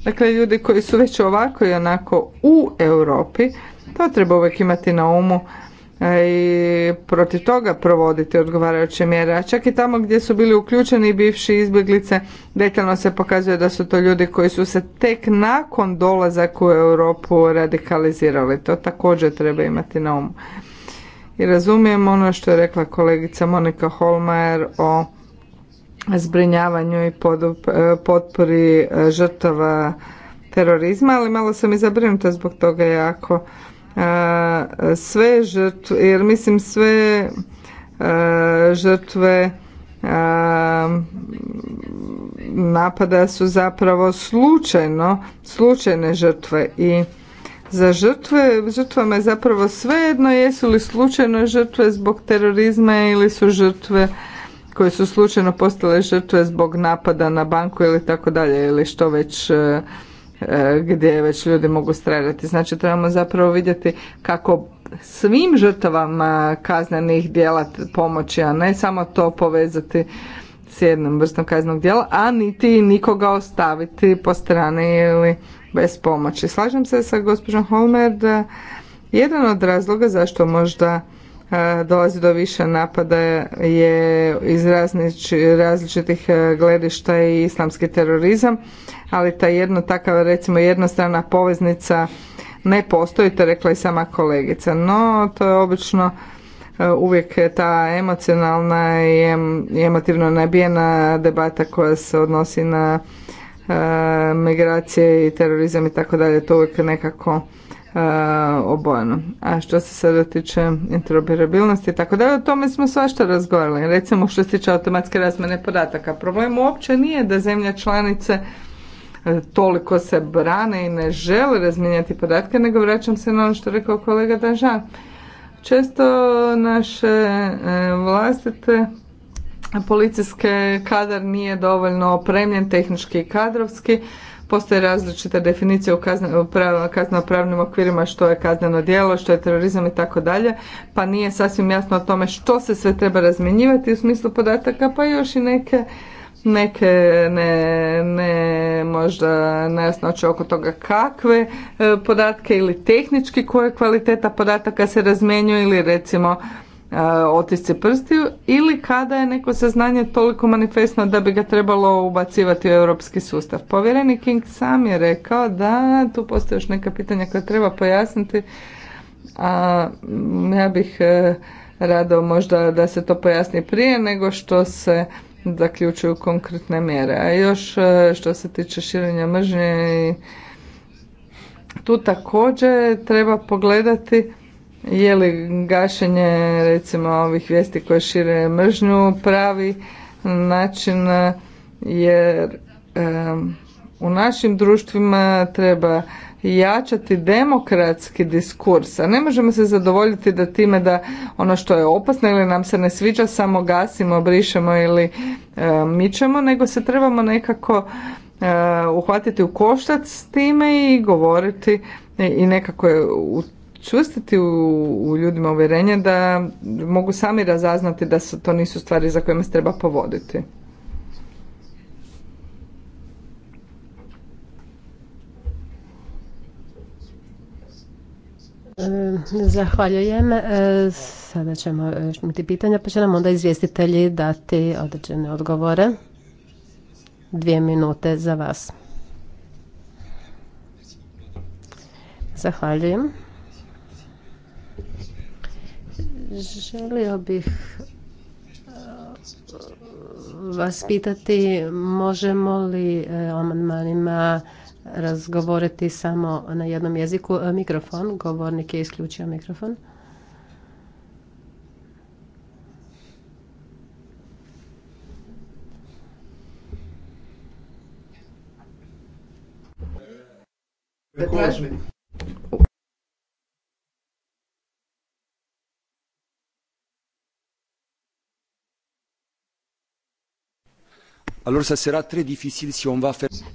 Dakle, ljudi koji su već ovako i onako u Europi, to treba uvijek imati na umu, i protiv toga provoditi odgovarajuće mjere. A čak i tamo gdje su bili uključeni bivši izbjeglice, detaljno se pokazuje da su to ljudi koji su se tek nakon dolazak u Europu radikalizirali. To također treba imati na umu. I razumijem ono što je rekla kolegica Monika Holmajer o zbrinjavanju i e, potpori e, žrtava terorizma, ali malo sam i zabrinuta zbog toga jako sve žrtve, jer mislim sve žrtve napada su zapravo slučajno, slučajne žrtve i za žrtve, žrtvama je zapravo jedno jesu li slučajno žrtve zbog terorizma ili su žrtve koje su slučajno postale žrtve zbog napada na banku ili tako dalje ili što već e, gdje već ljudi mogu stradati. Znači trebamo zapravo vidjeti kako svim žrtvama kaznenih djela pomoći, a ne samo to povezati s jednom vrstom kaznenog djela, a niti nikoga ostaviti po strani ili bez pomoći. Slažem se sa gospođom Holmer da jedan od razloga zašto možda dolazi do više napada je iz različitih e, gledišta i islamski terorizam, ali ta jedno takva recimo jednostrana poveznica ne postoji, to je rekla i sama kolegica. No, to je obično e, uvijek ta emocionalna i emotivno nabijena debata koja se odnosi na e, migracije i terorizam i tako dalje, to uvijek nekako Eh, obojeno. A što se sada tiče interoperabilnosti i tako da o tome smo svašta razgovarali. Recimo što se tiče automatske razmjene podataka. Problem uopće nije da zemlja članice eh, toliko se brane i ne žele razmijenjati podatke, nego vraćam se na ono što rekao kolega Dažan. Često naše eh, vlastite policijske kadar nije dovoljno opremljen tehnički i kadrovski, Postoje različite definicije u kazneno-pravnim okvirima što je kazneno djelo, što je terorizam i tako dalje, pa nije sasvim jasno o tome što se sve treba razmjenjivati u smislu podataka, pa još i neke neke ne, ne možda nejasnoće oko toga kakve e, podatke ili tehnički koje kvaliteta podataka se razmenjuje ili recimo E, otisci prstiju ili kada je neko saznanje toliko manifestno da bi ga trebalo ubacivati u europski sustav. Povjereni King sam je rekao da tu postoje još neka pitanja koja treba pojasniti, a ja bih e, rado možda da se to pojasni prije nego što se zaključuju konkretne mjere. A još e, što se tiče širenja mržnje, i tu također treba pogledati je li gašenje recimo ovih vijesti koje šire mržnju pravi način jer u našim društvima treba jačati demokratski diskurs, a ne možemo se zadovoljiti da time da ono što je opasno ili nam se ne sviđa samo gasimo, brišemo ili mičemo, nego se trebamo nekako uhvatiti u koštac s time i govoriti i nekako je u čustiti u, ljudima uvjerenje da mogu sami razaznati da su, to nisu stvari za kojima se treba povoditi. E, zahvaljujem. E, sada ćemo e, imati pitanja, pa će nam onda izvjestitelji dati određene odgovore. Dvije minute za vas. Zahvaljujem. Želio bih eh, vas pitati možemo li eh, o amandmanima razgovoriti samo na jednom jeziku. Eh, mikrofon, govornik je isključio mikrofon.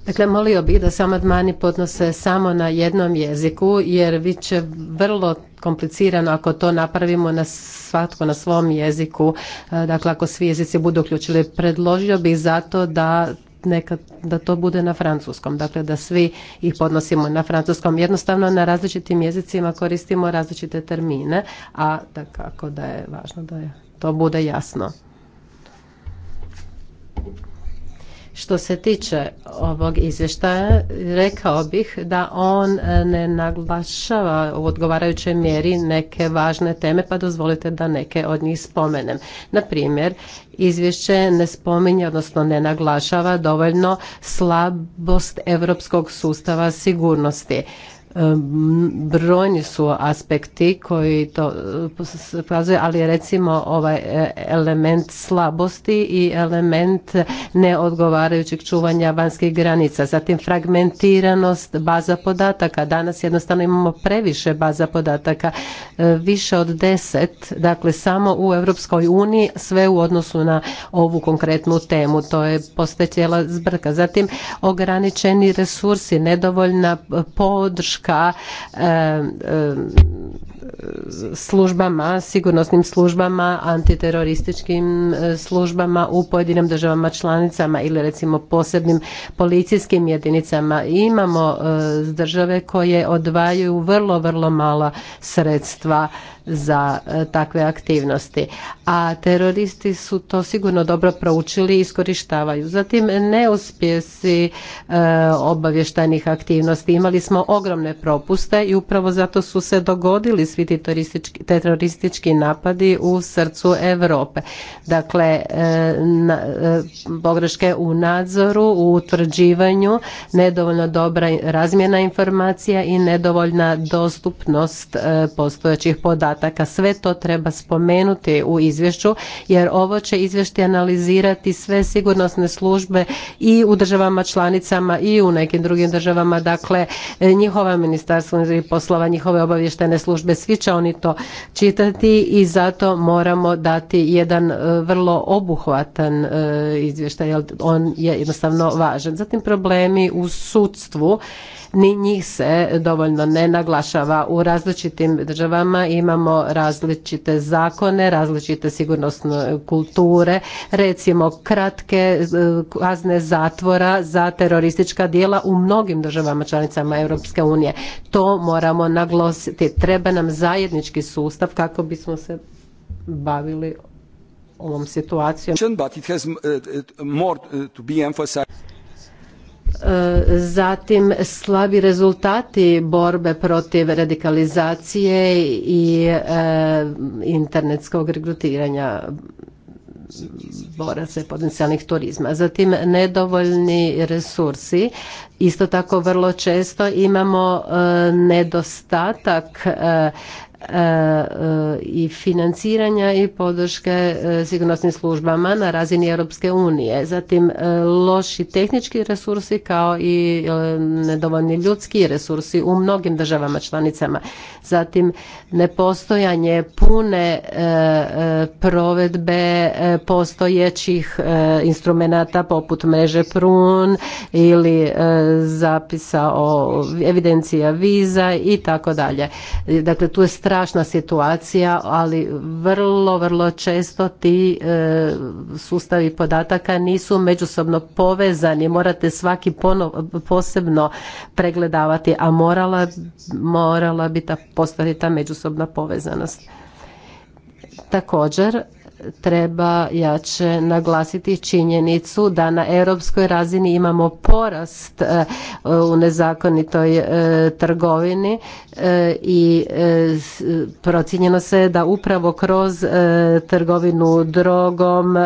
Dakle, molio bih da se amandmani podnose samo na jednom jeziku, jer bit će vrlo komplicirano ako to napravimo na svatko na svom jeziku. E, dakle, ako svi jezici budu uključili, predložio bih zato da neka, da to bude na francuskom, dakle da svi ih podnosimo na francuskom. Jednostavno na različitim jezicima koristimo različite termine, a dakako da je važno da to bude jasno. Što se tiče ovog izvještaja, rekao bih da on e, ne naglašava u odgovarajućoj mjeri neke važne teme, pa dozvolite da neke od njih spomenem. Na primjer, izvješće ne spominje, odnosno ne naglašava dovoljno slabost europskog sustava sigurnosti brojni su aspekti koji to e, pokazuje, ali recimo ovaj e, element slabosti i element neodgovarajućeg čuvanja vanjskih granica, zatim fragmentiranost baza podataka. Danas jednostavno imamo previše baza podataka, e, više od deset, dakle samo u Europskoj uniji, sve u odnosu na ovu konkretnu temu. To je cijela zbrka. Zatim ograničeni resursi, nedovoljna podrška ka e, e, službama, sigurnosnim službama, antiterorističkim e, službama u pojedinim državama članicama ili recimo posebnim policijskim jedinicama. Imamo države koje odvajaju vrlo, vrlo mala sredstva za e, takve aktivnosti. A teroristi su to sigurno dobro proučili i iskorištavaju. Zatim neuspjesi e, obavještajnih aktivnosti. Imali smo ogromne propuste i upravo zato su se dogodili svi ti teroristički napadi u srcu Europe. Dakle, e, pogreške u nadzoru, u utvrđivanju, nedovoljno dobra razmjena informacija i nedovoljna dostupnost postojećih podataka podataka. Sve to treba spomenuti u izvješću jer ovo će izvješće analizirati sve sigurnosne službe i u državama članicama i u nekim drugim državama. Dakle, njihova ministarstva poslova, njihove obavještajne službe, svi će oni to čitati i zato moramo dati jedan e, vrlo obuhvatan e, izvještaj jer on je jednostavno važan. Zatim problemi u sudstvu ni njih se dovoljno ne naglašava. U različitim državama imamo različite zakone, različite sigurnosne kulture, recimo kratke e, kazne zatvora za teroristička djela u mnogim državama članicama Europske unije. To moramo naglasiti. Treba nam zajednički sustav kako bismo se bavili ovom situacijom. Uh, uh, zatim slabi rezultati borbe protiv radikalizacije i eh, internetskog regrutiranja boraca potencijalnih turizma. Zatim nedovoljni resursi. Isto tako vrlo često imamo eh, nedostatak eh, E, e, i financiranja i podrške e, sigurnosnim službama na razini Europske unije. Zatim loši tehnički resursi kao i nedovoljni ljudski resursi u mnogim državama članicama. Zatim nepostojanje pune provedbe postojećih instrumenata poput mreže prun ili zapisa o evidencija viza i tako dalje. Dakle, tu je strašna situacija, ali vrlo, vrlo često ti e, sustavi podataka nisu međusobno povezani. Morate svaki posebno pregledavati, a morala, morala bi ta, ta međusobna povezanost. Također, treba jače naglasiti činjenicu da na europskoj razini imamo porast e, u nezakonitoj e, trgovini e, i procijenjeno se da upravo kroz trgovinu drogom,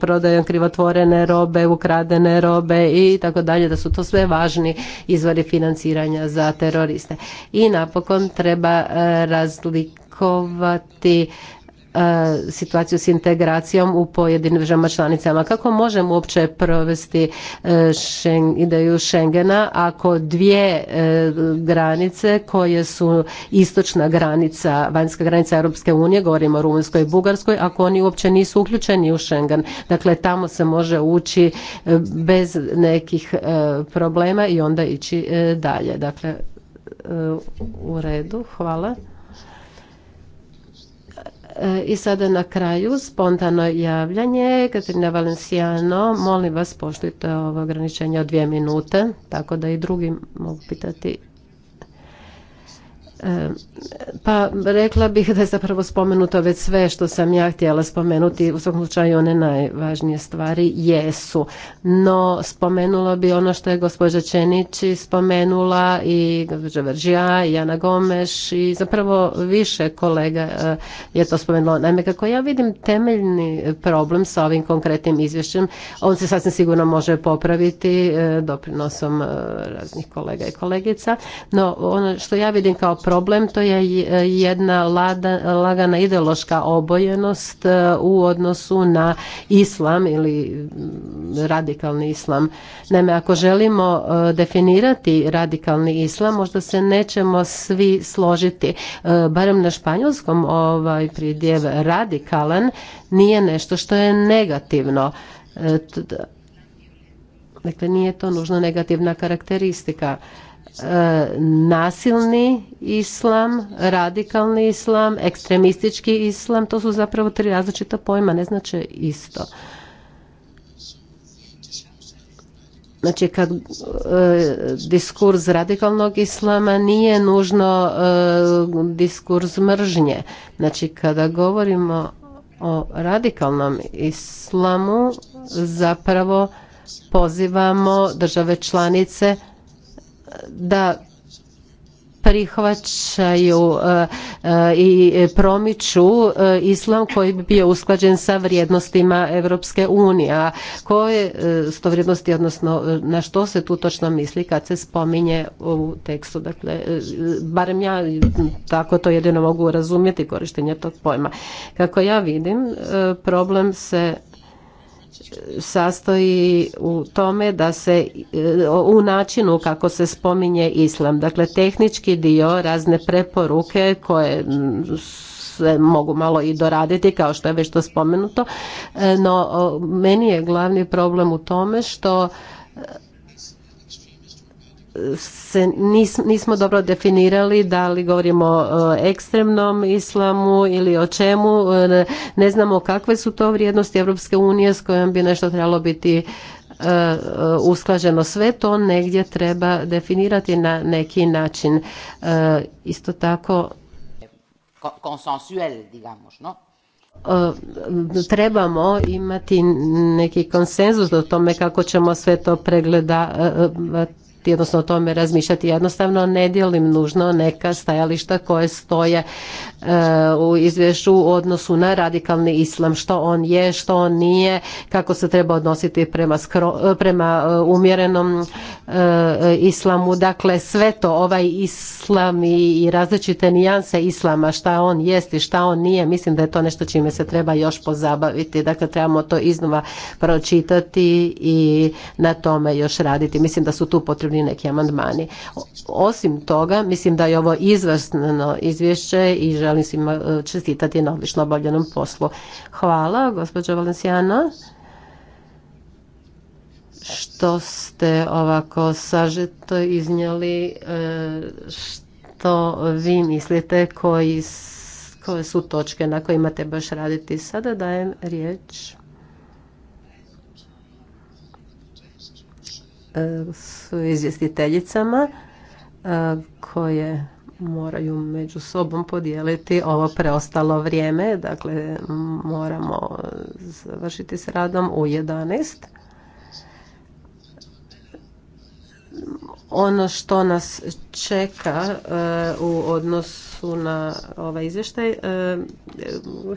prodajom krivotvorene robe, ukradene robe i tako dalje, da su to sve važni izvori financiranja za teroriste. I napokon treba razlikovati E, situaciju s integracijom u pojedinim državama članicama. Kako možemo uopće provesti e, ideju Schengena ako dvije e, granice koje su istočna granica, vanjska granica Europske unije, govorimo o Rumunjskoj i Bugarskoj, ako oni uopće nisu uključeni u Schengen. Dakle, tamo se može ući bez nekih problema i onda ići dalje. Dakle, u redu, hvala. I sada na kraju spontano javljanje. Katarina Valenciano, molim vas poštujte ovo ograničenje od dvije minute, tako da i drugi mogu pitati pa rekla bih da je zapravo spomenuto već sve što sam ja htjela spomenuti, u svakom slučaju one najvažnije stvari jesu. No spomenula bi ono što je gospođa Čenići spomenula i gospođa Veržija i Jana Gomeš i zapravo više kolega e, je to spomenulo. Naime, kako ja vidim temeljni problem sa ovim konkretnim izvješćem, on se sasvim sigurno može popraviti e, doprinosom e, raznih kolega i kolegica, no ono što ja vidim kao problem, to je e, jedna lagana ideološka obojenost e, u odnosu na islam ili mm, radikalni islam. Naime, ako želimo e, definirati radikalni islam, možda se nećemo svi složiti. Barem na španjolskom ovaj pridjev radikalan nije nešto što je negativno. Dakle, nije to nužno negativna karakteristika nasilni islam, radikalni islam, ekstremistički islam, to su zapravo tri različita pojma, ne znače isto. Znači kad e, diskurs radikalnog islama nije nužno e, diskurs mržnje. Znači kada govorimo o radikalnom islamu zapravo pozivamo države članice da prihvaćaju e, e, i promiču e, islam koji bi bio usklađen sa vrijednostima Europske unije. A koje su to vrijednosti, odnosno na što se tu točno misli kad se spominje u tekstu? Dakle, barem ja tako to jedino mogu razumjeti korištenje tog pojma. Kako ja vidim, problem se sastoji u tome da se u načinu kako se spominje islam. Dakle, tehnički dio, razne preporuke koje se mogu malo i doraditi kao što je već to spomenuto, no meni je glavni problem u tome što se nismo dobro definirali da li govorimo o e, ekstremnom islamu ili o čemu. E, ne znamo kakve su to vrijednosti Europske unije s kojom bi nešto trebalo biti e, usklađeno sve to negdje treba definirati na neki način. Isto tako digamos, no? trebamo imati neki konsenzus o tome kako ćemo sve to pregledati jednostavno odnosno o tome razmišljati. Jednostavno ne dijelim nužno neka stajališta koje stoje e, u izvješću u odnosu na radikalni islam, što on je, što on nije, kako se treba odnositi prema, e, prema e, umjerenom islamu. Dakle, sve to, ovaj islam i različite nijanse islama, šta on jest i šta on nije, mislim da je to nešto čime se treba još pozabaviti. Dakle, trebamo to iznova pročitati i na tome još raditi. Mislim da su tu potrebni ili neki amandmani. Osim toga, mislim da je ovo izvrsno izvješće i želim svima e, čestitati na odlično obavljenom poslu. Hvala, gospođo Valencijana što ste ovako sažeto iznijeli e, što vi mislite koji, koje su točke na kojima treba baš raditi. Sada dajem riječ E, su izvjestiteljicama e, koje moraju među sobom podijeliti ovo preostalo vrijeme. Dakle, moramo završiti s radom u 11. Ono što nas čeka e, u odnosu na ovaj izvještaj,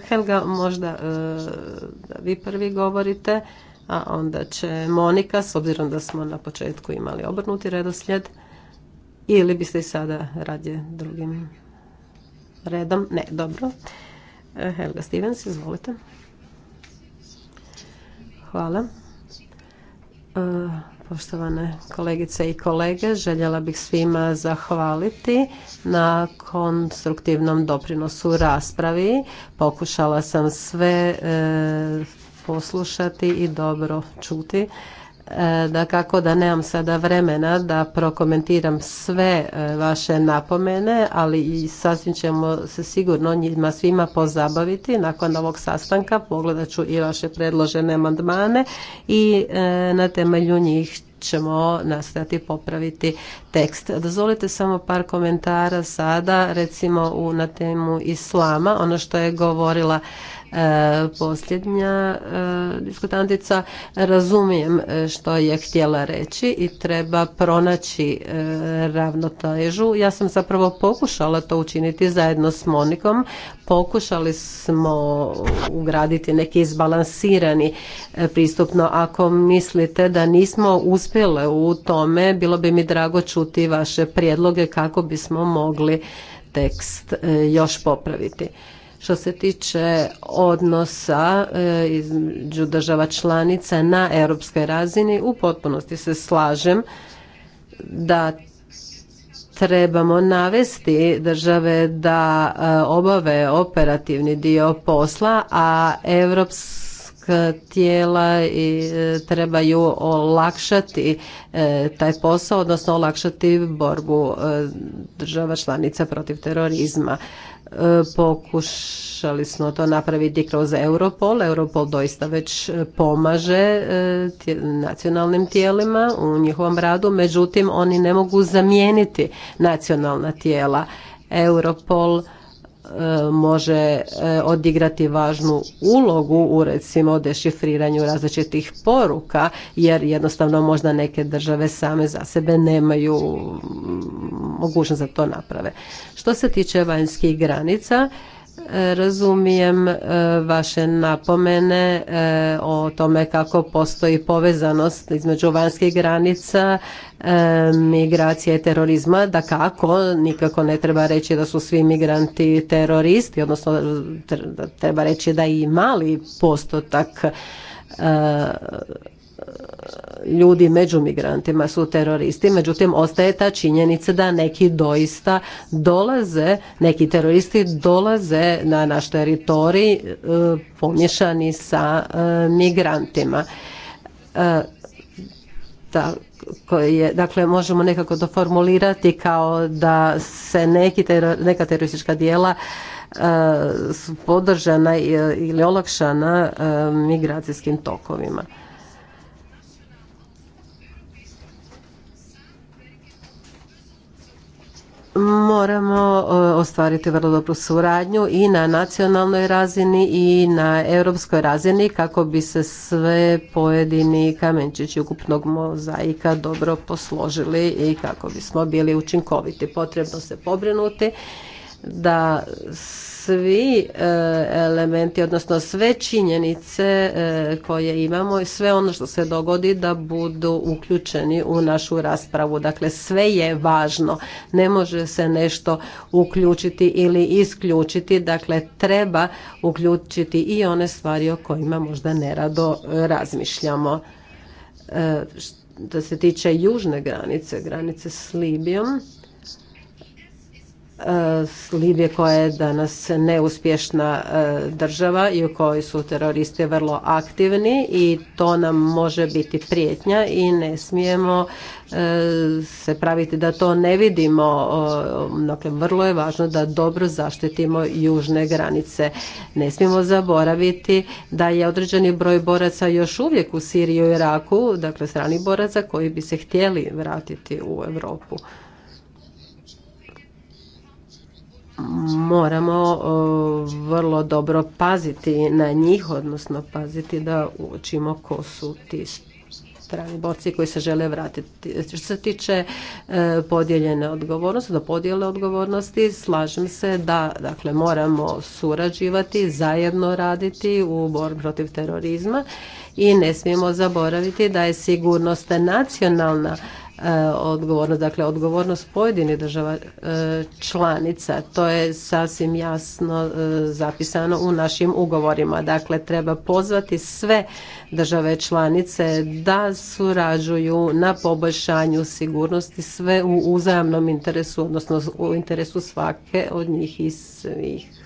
Helga, možda vi prvi govorite a onda će Monika, s obzirom da smo na početku imali obrnuti redoslijed, ili biste i sada radije drugim redom? Ne, dobro. E, Helga Stevens, izvolite. Hvala. E, poštovane kolegice i kolege, željela bih svima zahvaliti na konstruktivnom doprinosu raspravi. Pokušala sam sve e, poslušati i dobro čuti. E, da kako da nemam sada vremena da prokomentiram sve e, vaše napomene, ali i sasvim ćemo se sigurno njima svima pozabaviti. Nakon ovog sastanka pogledat ću i vaše predložene amandmane i e, na temelju njih ćemo nastojati popraviti tekst. Dozvolite samo par komentara sada, recimo u, na temu islama, ono što je govorila E, posljednja e, diskutantica. Razumijem e, što je htjela reći i treba pronaći ravnotežu. Ja sam zapravo pokušala to učiniti zajedno s Monikom. Pokušali smo ugraditi neki izbalansirani pristupno. Ako mislite da nismo uspjele u tome, bilo bi mi drago čuti vaše prijedloge kako bismo mogli tekst još popraviti. Što se tiče odnosa e, između država članica na europskoj razini, u potpunosti se slažem da trebamo navesti države da e, obave operativni dio posla, a europska tijela e, trebaju olakšati taj posao, odnosno olakšati borbu država članica protiv terorizma. Pokušali smo to napraviti kroz Europol. Europol doista već pomaže e, nacionalnim tijelima u njihovom radu, međutim oni ne mogu zamijeniti nacionalna tijela. Europol E, može e, odigrati važnu ulogu u recimo dešifriranju različitih poruka jer jednostavno možda neke države same za sebe nemaju mogućnost da to naprave. Što se tiče vanjskih granica, Razumijem e, vaše napomene e, o tome kako postoji povezanost između vanjskih granica, e, migracije i terorizma. Da kako, nikako ne treba reći da su svi migranti teroristi, odnosno treba reći da i mali postotak ljudi među migrantima su teroristi, međutim ostaje ta činjenica da neki doista dolaze, neki teroristi dolaze na naš teritorij e, pomješani sa e, migrantima. E, dakle možemo nekako to formulirati kao da se neka teroristička dijela su podržana ili olakšana migracijskim tokovima. moramo e, ostvariti vrlo dobru suradnju i na nacionalnoj razini i na europskoj razini kako bi se sve pojedini kamenčići ukupnog mozaika dobro posložili i kako bismo bili učinkoviti. Potrebno se pobrinuti da svi e, elementi, odnosno sve činjenice e, koje imamo i sve ono što se dogodi da budu uključeni u našu raspravu. Dakle, sve je važno. Ne može se nešto uključiti ili isključiti. Dakle, treba uključiti i one stvari o kojima možda nerado razmišljamo. E, što se tiče južne granice, granice s Libijom, Libije koja je danas neuspješna e, država i u kojoj su teroristi vrlo aktivni i to nam može biti prijetnja i ne smijemo e, se praviti da to ne vidimo. Dakle, vrlo je važno da dobro zaštitimo južne granice. Ne smijemo zaboraviti da je određeni broj boraca još uvijek u Siriji i Iraku, dakle stranih boraca koji bi se htjeli vratiti u Europu. moramo vrlo dobro paziti na njih, odnosno paziti da uočimo ko su ti strani borci koji se žele vratiti. Što se tiče e, podijeljene odgovornosti, do podjele odgovornosti, slažem se da dakle, moramo surađivati, zajedno raditi u borbi protiv terorizma i ne smijemo zaboraviti da je sigurnost nacionalna E, odgovornost, dakle odgovornost pojedinih država e, članica. To je sasvim jasno e, zapisano u našim ugovorima. Dakle, treba pozvati sve države članice da surađuju na poboljšanju sigurnosti sve u uzajamnom interesu, odnosno u interesu svake od njih i svih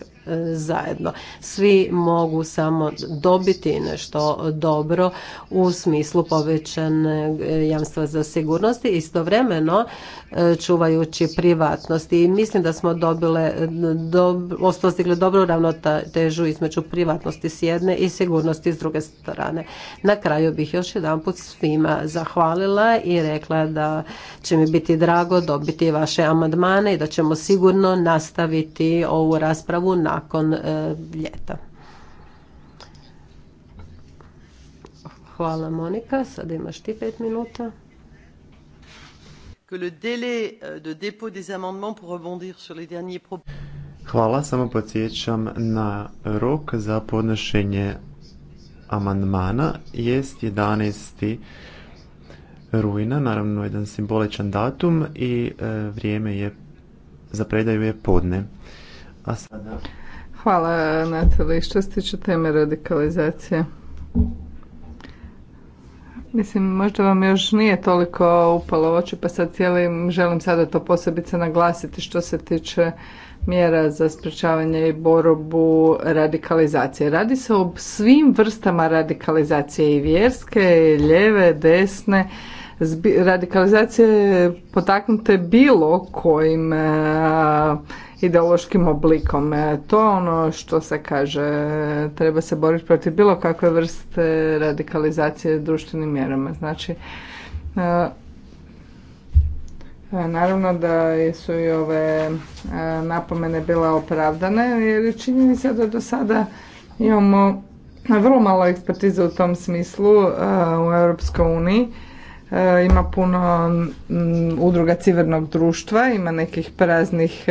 zajedno. Svi mogu samo dobiti nešto dobro u smislu povećane jamstva za sigurnosti, istovremeno e, čuvajući privatnost. I mislim da smo dobile, do, dobru ravnotežu između privatnosti s jedne i sigurnosti s druge strane. Na kraju bih još jedanput svima zahvalila i rekla da će mi biti drago dobiti vaše amandmane i da ćemo sigurno nastaviti ovu raspravu na nakon e, ljeta. Hvala Monika, sada imaš ti pet minuta. Que le délai e, de dépôt des amendements pour rebondir sur les derniers Hvala, samo podsjećam na rok za podnošenje amandmana jest 11. rujna, naravno jedan simboličan datum i e, vrijeme je za predaju je podne. A sada... Hvala Natali. Što se tiče teme radikalizacije? Mislim, možda vam još nije toliko upalo u oči, pa sad cijeli, želim sada to posebice naglasiti što se tiče mjera za sprječavanje i borbu radikalizacije. Radi se o svim vrstama radikalizacije i vjerske, i ljeve, desne. Radikalizacije potaknute bilo kojim ideološkim oblikom. E, to je ono što se kaže, treba se boriti protiv bilo kakve vrste radikalizacije društvenim mjerama. Znači, e, e, Naravno da su i ove napomene bila opravdane jer mi se da do sada imamo vrlo malo ekspertize u tom smislu u Europskoj uniji. Ima puno udruga civilnog društva, ima nekih praznih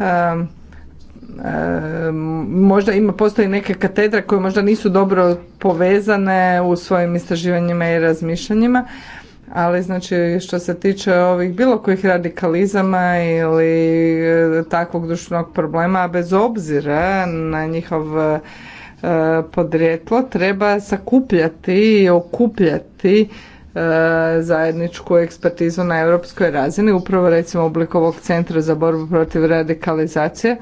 Ehm, ehm, možda ima, postoji neke katedre koje možda nisu dobro povezane u svojim istraživanjima i razmišljanjima, ali znači što se tiče ovih bilo kojih radikalizama ili e, takvog društvenog problema, bez obzira na njihov e, podrijetlo, treba sakupljati i okupljati E, zajedničku ekspertizu na europskoj razini, upravo recimo oblik ovog centra za borbu protiv radikalizacije,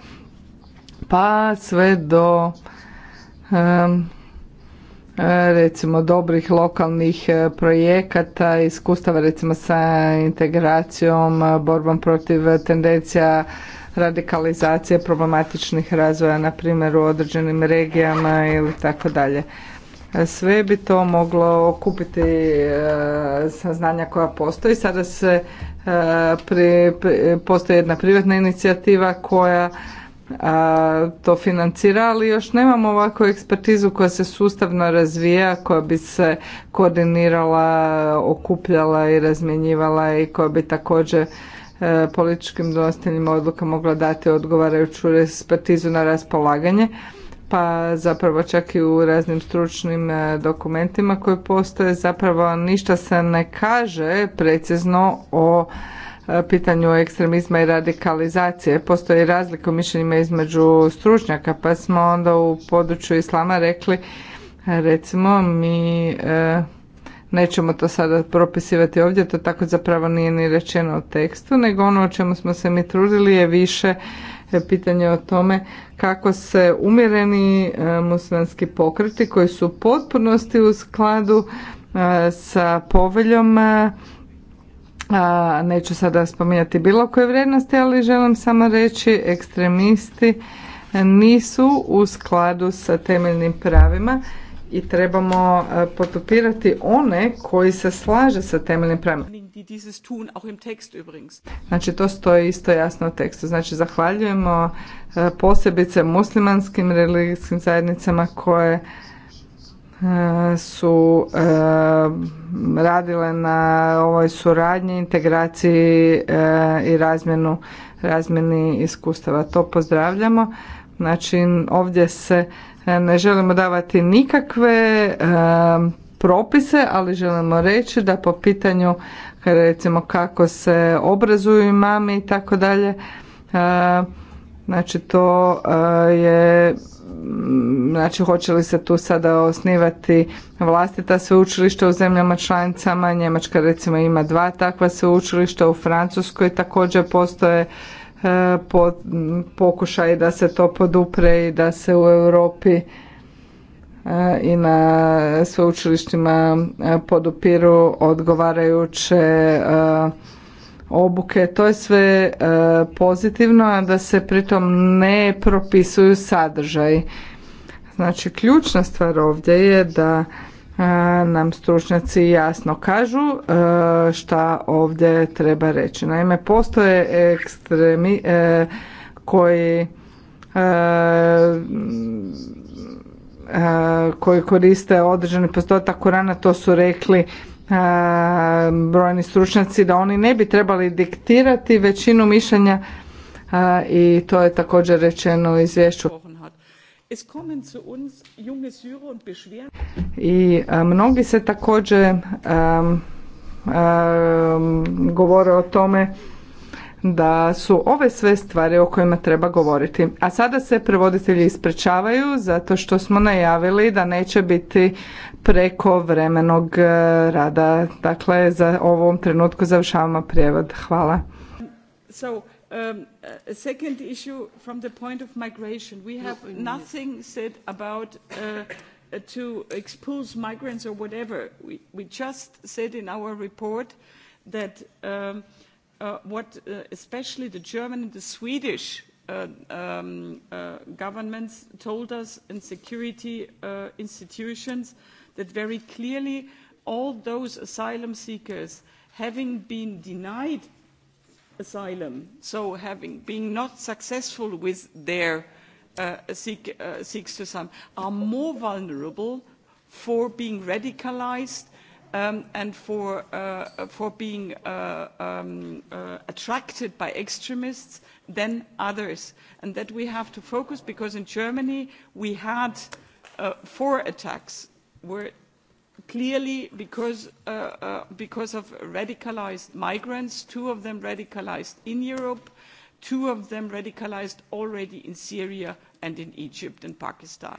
pa sve do e, recimo dobrih lokalnih e, projekata, iskustava recimo sa integracijom, borbom protiv tendencija radikalizacije problematičnih razvoja na primjer u određenim regijama ili tako dalje. Sve bi to moglo okupiti e, saznanja koja postoji. Sada se e, pri, pri, postoji jedna privatna inicijativa koja e, to financira, ali još nemamo ovakvu ekspertizu koja se sustavno razvija, koja bi se koordinirala, okupljala i razmjenjivala i koja bi također političkim donositeljima odluka mogla dati odgovarajuću ekspertizu na raspolaganje pa zapravo čak i u raznim stručnim e, dokumentima koji postoje zapravo ništa se ne kaže precizno o e, pitanju ekstremizma i radikalizacije. Postoji razlika u mišljenjima između stručnjaka pa smo onda u području islama rekli recimo mi e, nećemo to sada propisivati ovdje, to tako zapravo nije ni rečeno u tekstu, nego ono o čemu smo se mi trudili je više pitanje o tome kako se umjereni e, muslimanski pokreti koji su u potpunosti u skladu e, sa poveljom e, neću sada spominjati bilo koje vrijednosti, ali želim samo reći ekstremisti nisu u skladu sa temeljnim pravima i trebamo e, potupirati one koji se slaže sa temeljnim pravima. Znači to stoji isto jasno u tekstu. Znači zahvaljujemo e, posebice muslimanskim religijskim zajednicama koje e, su radile na ovoj suradnji, integraciji i razmjenu razmjeni iskustava. To pozdravljamo. Znači ovdje se ne želimo davati nikakve propise, ali želimo reći da po pitanju recimo kako se obrazuju mami i tako dalje, znači to eh, je znači hoće li se tu sada osnivati vlastita sveučilišta u zemljama članicama, Njemačka recimo ima dva takva sveučilišta, u Francuskoj također postoje E, po, pokušaj da se to podupre i da se u Europi e, i na sveučilištima e, podupiru odgovarajuće obuke. To je sve pozitivno, a da se pritom ne propisuju sadržaj. Znači, ključna stvar ovdje je da nam stručnjaci jasno kažu e, šta ovdje treba reći. Naime, postoje ekstremi e, koji e, koji koriste određeni postotak urana, to su rekli brojni stručnjaci da oni ne bi trebali diktirati većinu mišljenja i to je također rečeno u izvješću. I e, mnogi se također e, e, govore o tome da su ove sve stvari o kojima treba govoriti. A sada se prevoditelji ispričavaju zato što smo najavili da neće biti preko vremenog rada. Dakle, za ovom trenutku završavamo prijevod. Hvala. Um, a uh, second issue from the point of migration. We have nothing said about uh, uh, to expose migrants or whatever. We, we just said in our report that um, what uh, especially the German and the Swedish um, governments told us in security institutions that very clearly all those asylum seekers having been denied asylum. So having been not successful with their uh, seek, uh, to some are more vulnerable for being radicalized um, and for, uh, for being uh, um, uh, attracted by extremists than others. And that we have to focus because in Germany we had uh, four attacks where clearly because, uh, uh, because of radicalized migrants, two of them radicalized in Europe, two of them radicalized already in Syria and in Egypt and Pakistan.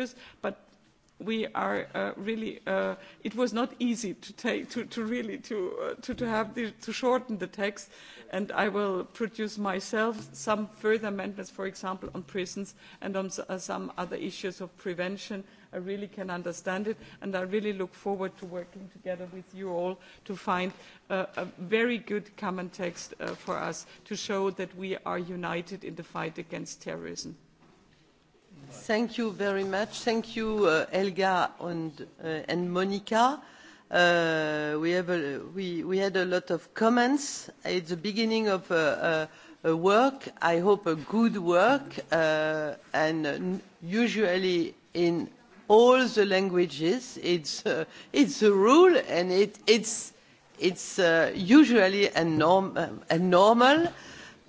but we are uh, really uh, it was not easy to take to, to really to, uh, to to have the, to shorten the text and i will produce myself some further amendments for example on prisons and on uh, some other issues of prevention i really can understand it and i really look forward to working together with you all to find uh, a very good common text for us to show that we are united in the fight against terrorism Thank you very much. Thank you, Elga uh, Helga and, uh, Monica. Uh, we, have we, we had a lot of comments. It's the beginning of a, work, I hope a good work, and usually in all the languages. It's, it's a rule and it, it's, it's usually a normal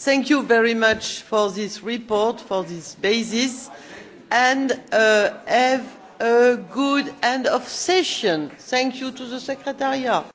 Thank you very much for this report, for this basis, and uh, have a good end of session. Thank you to the Secretariat.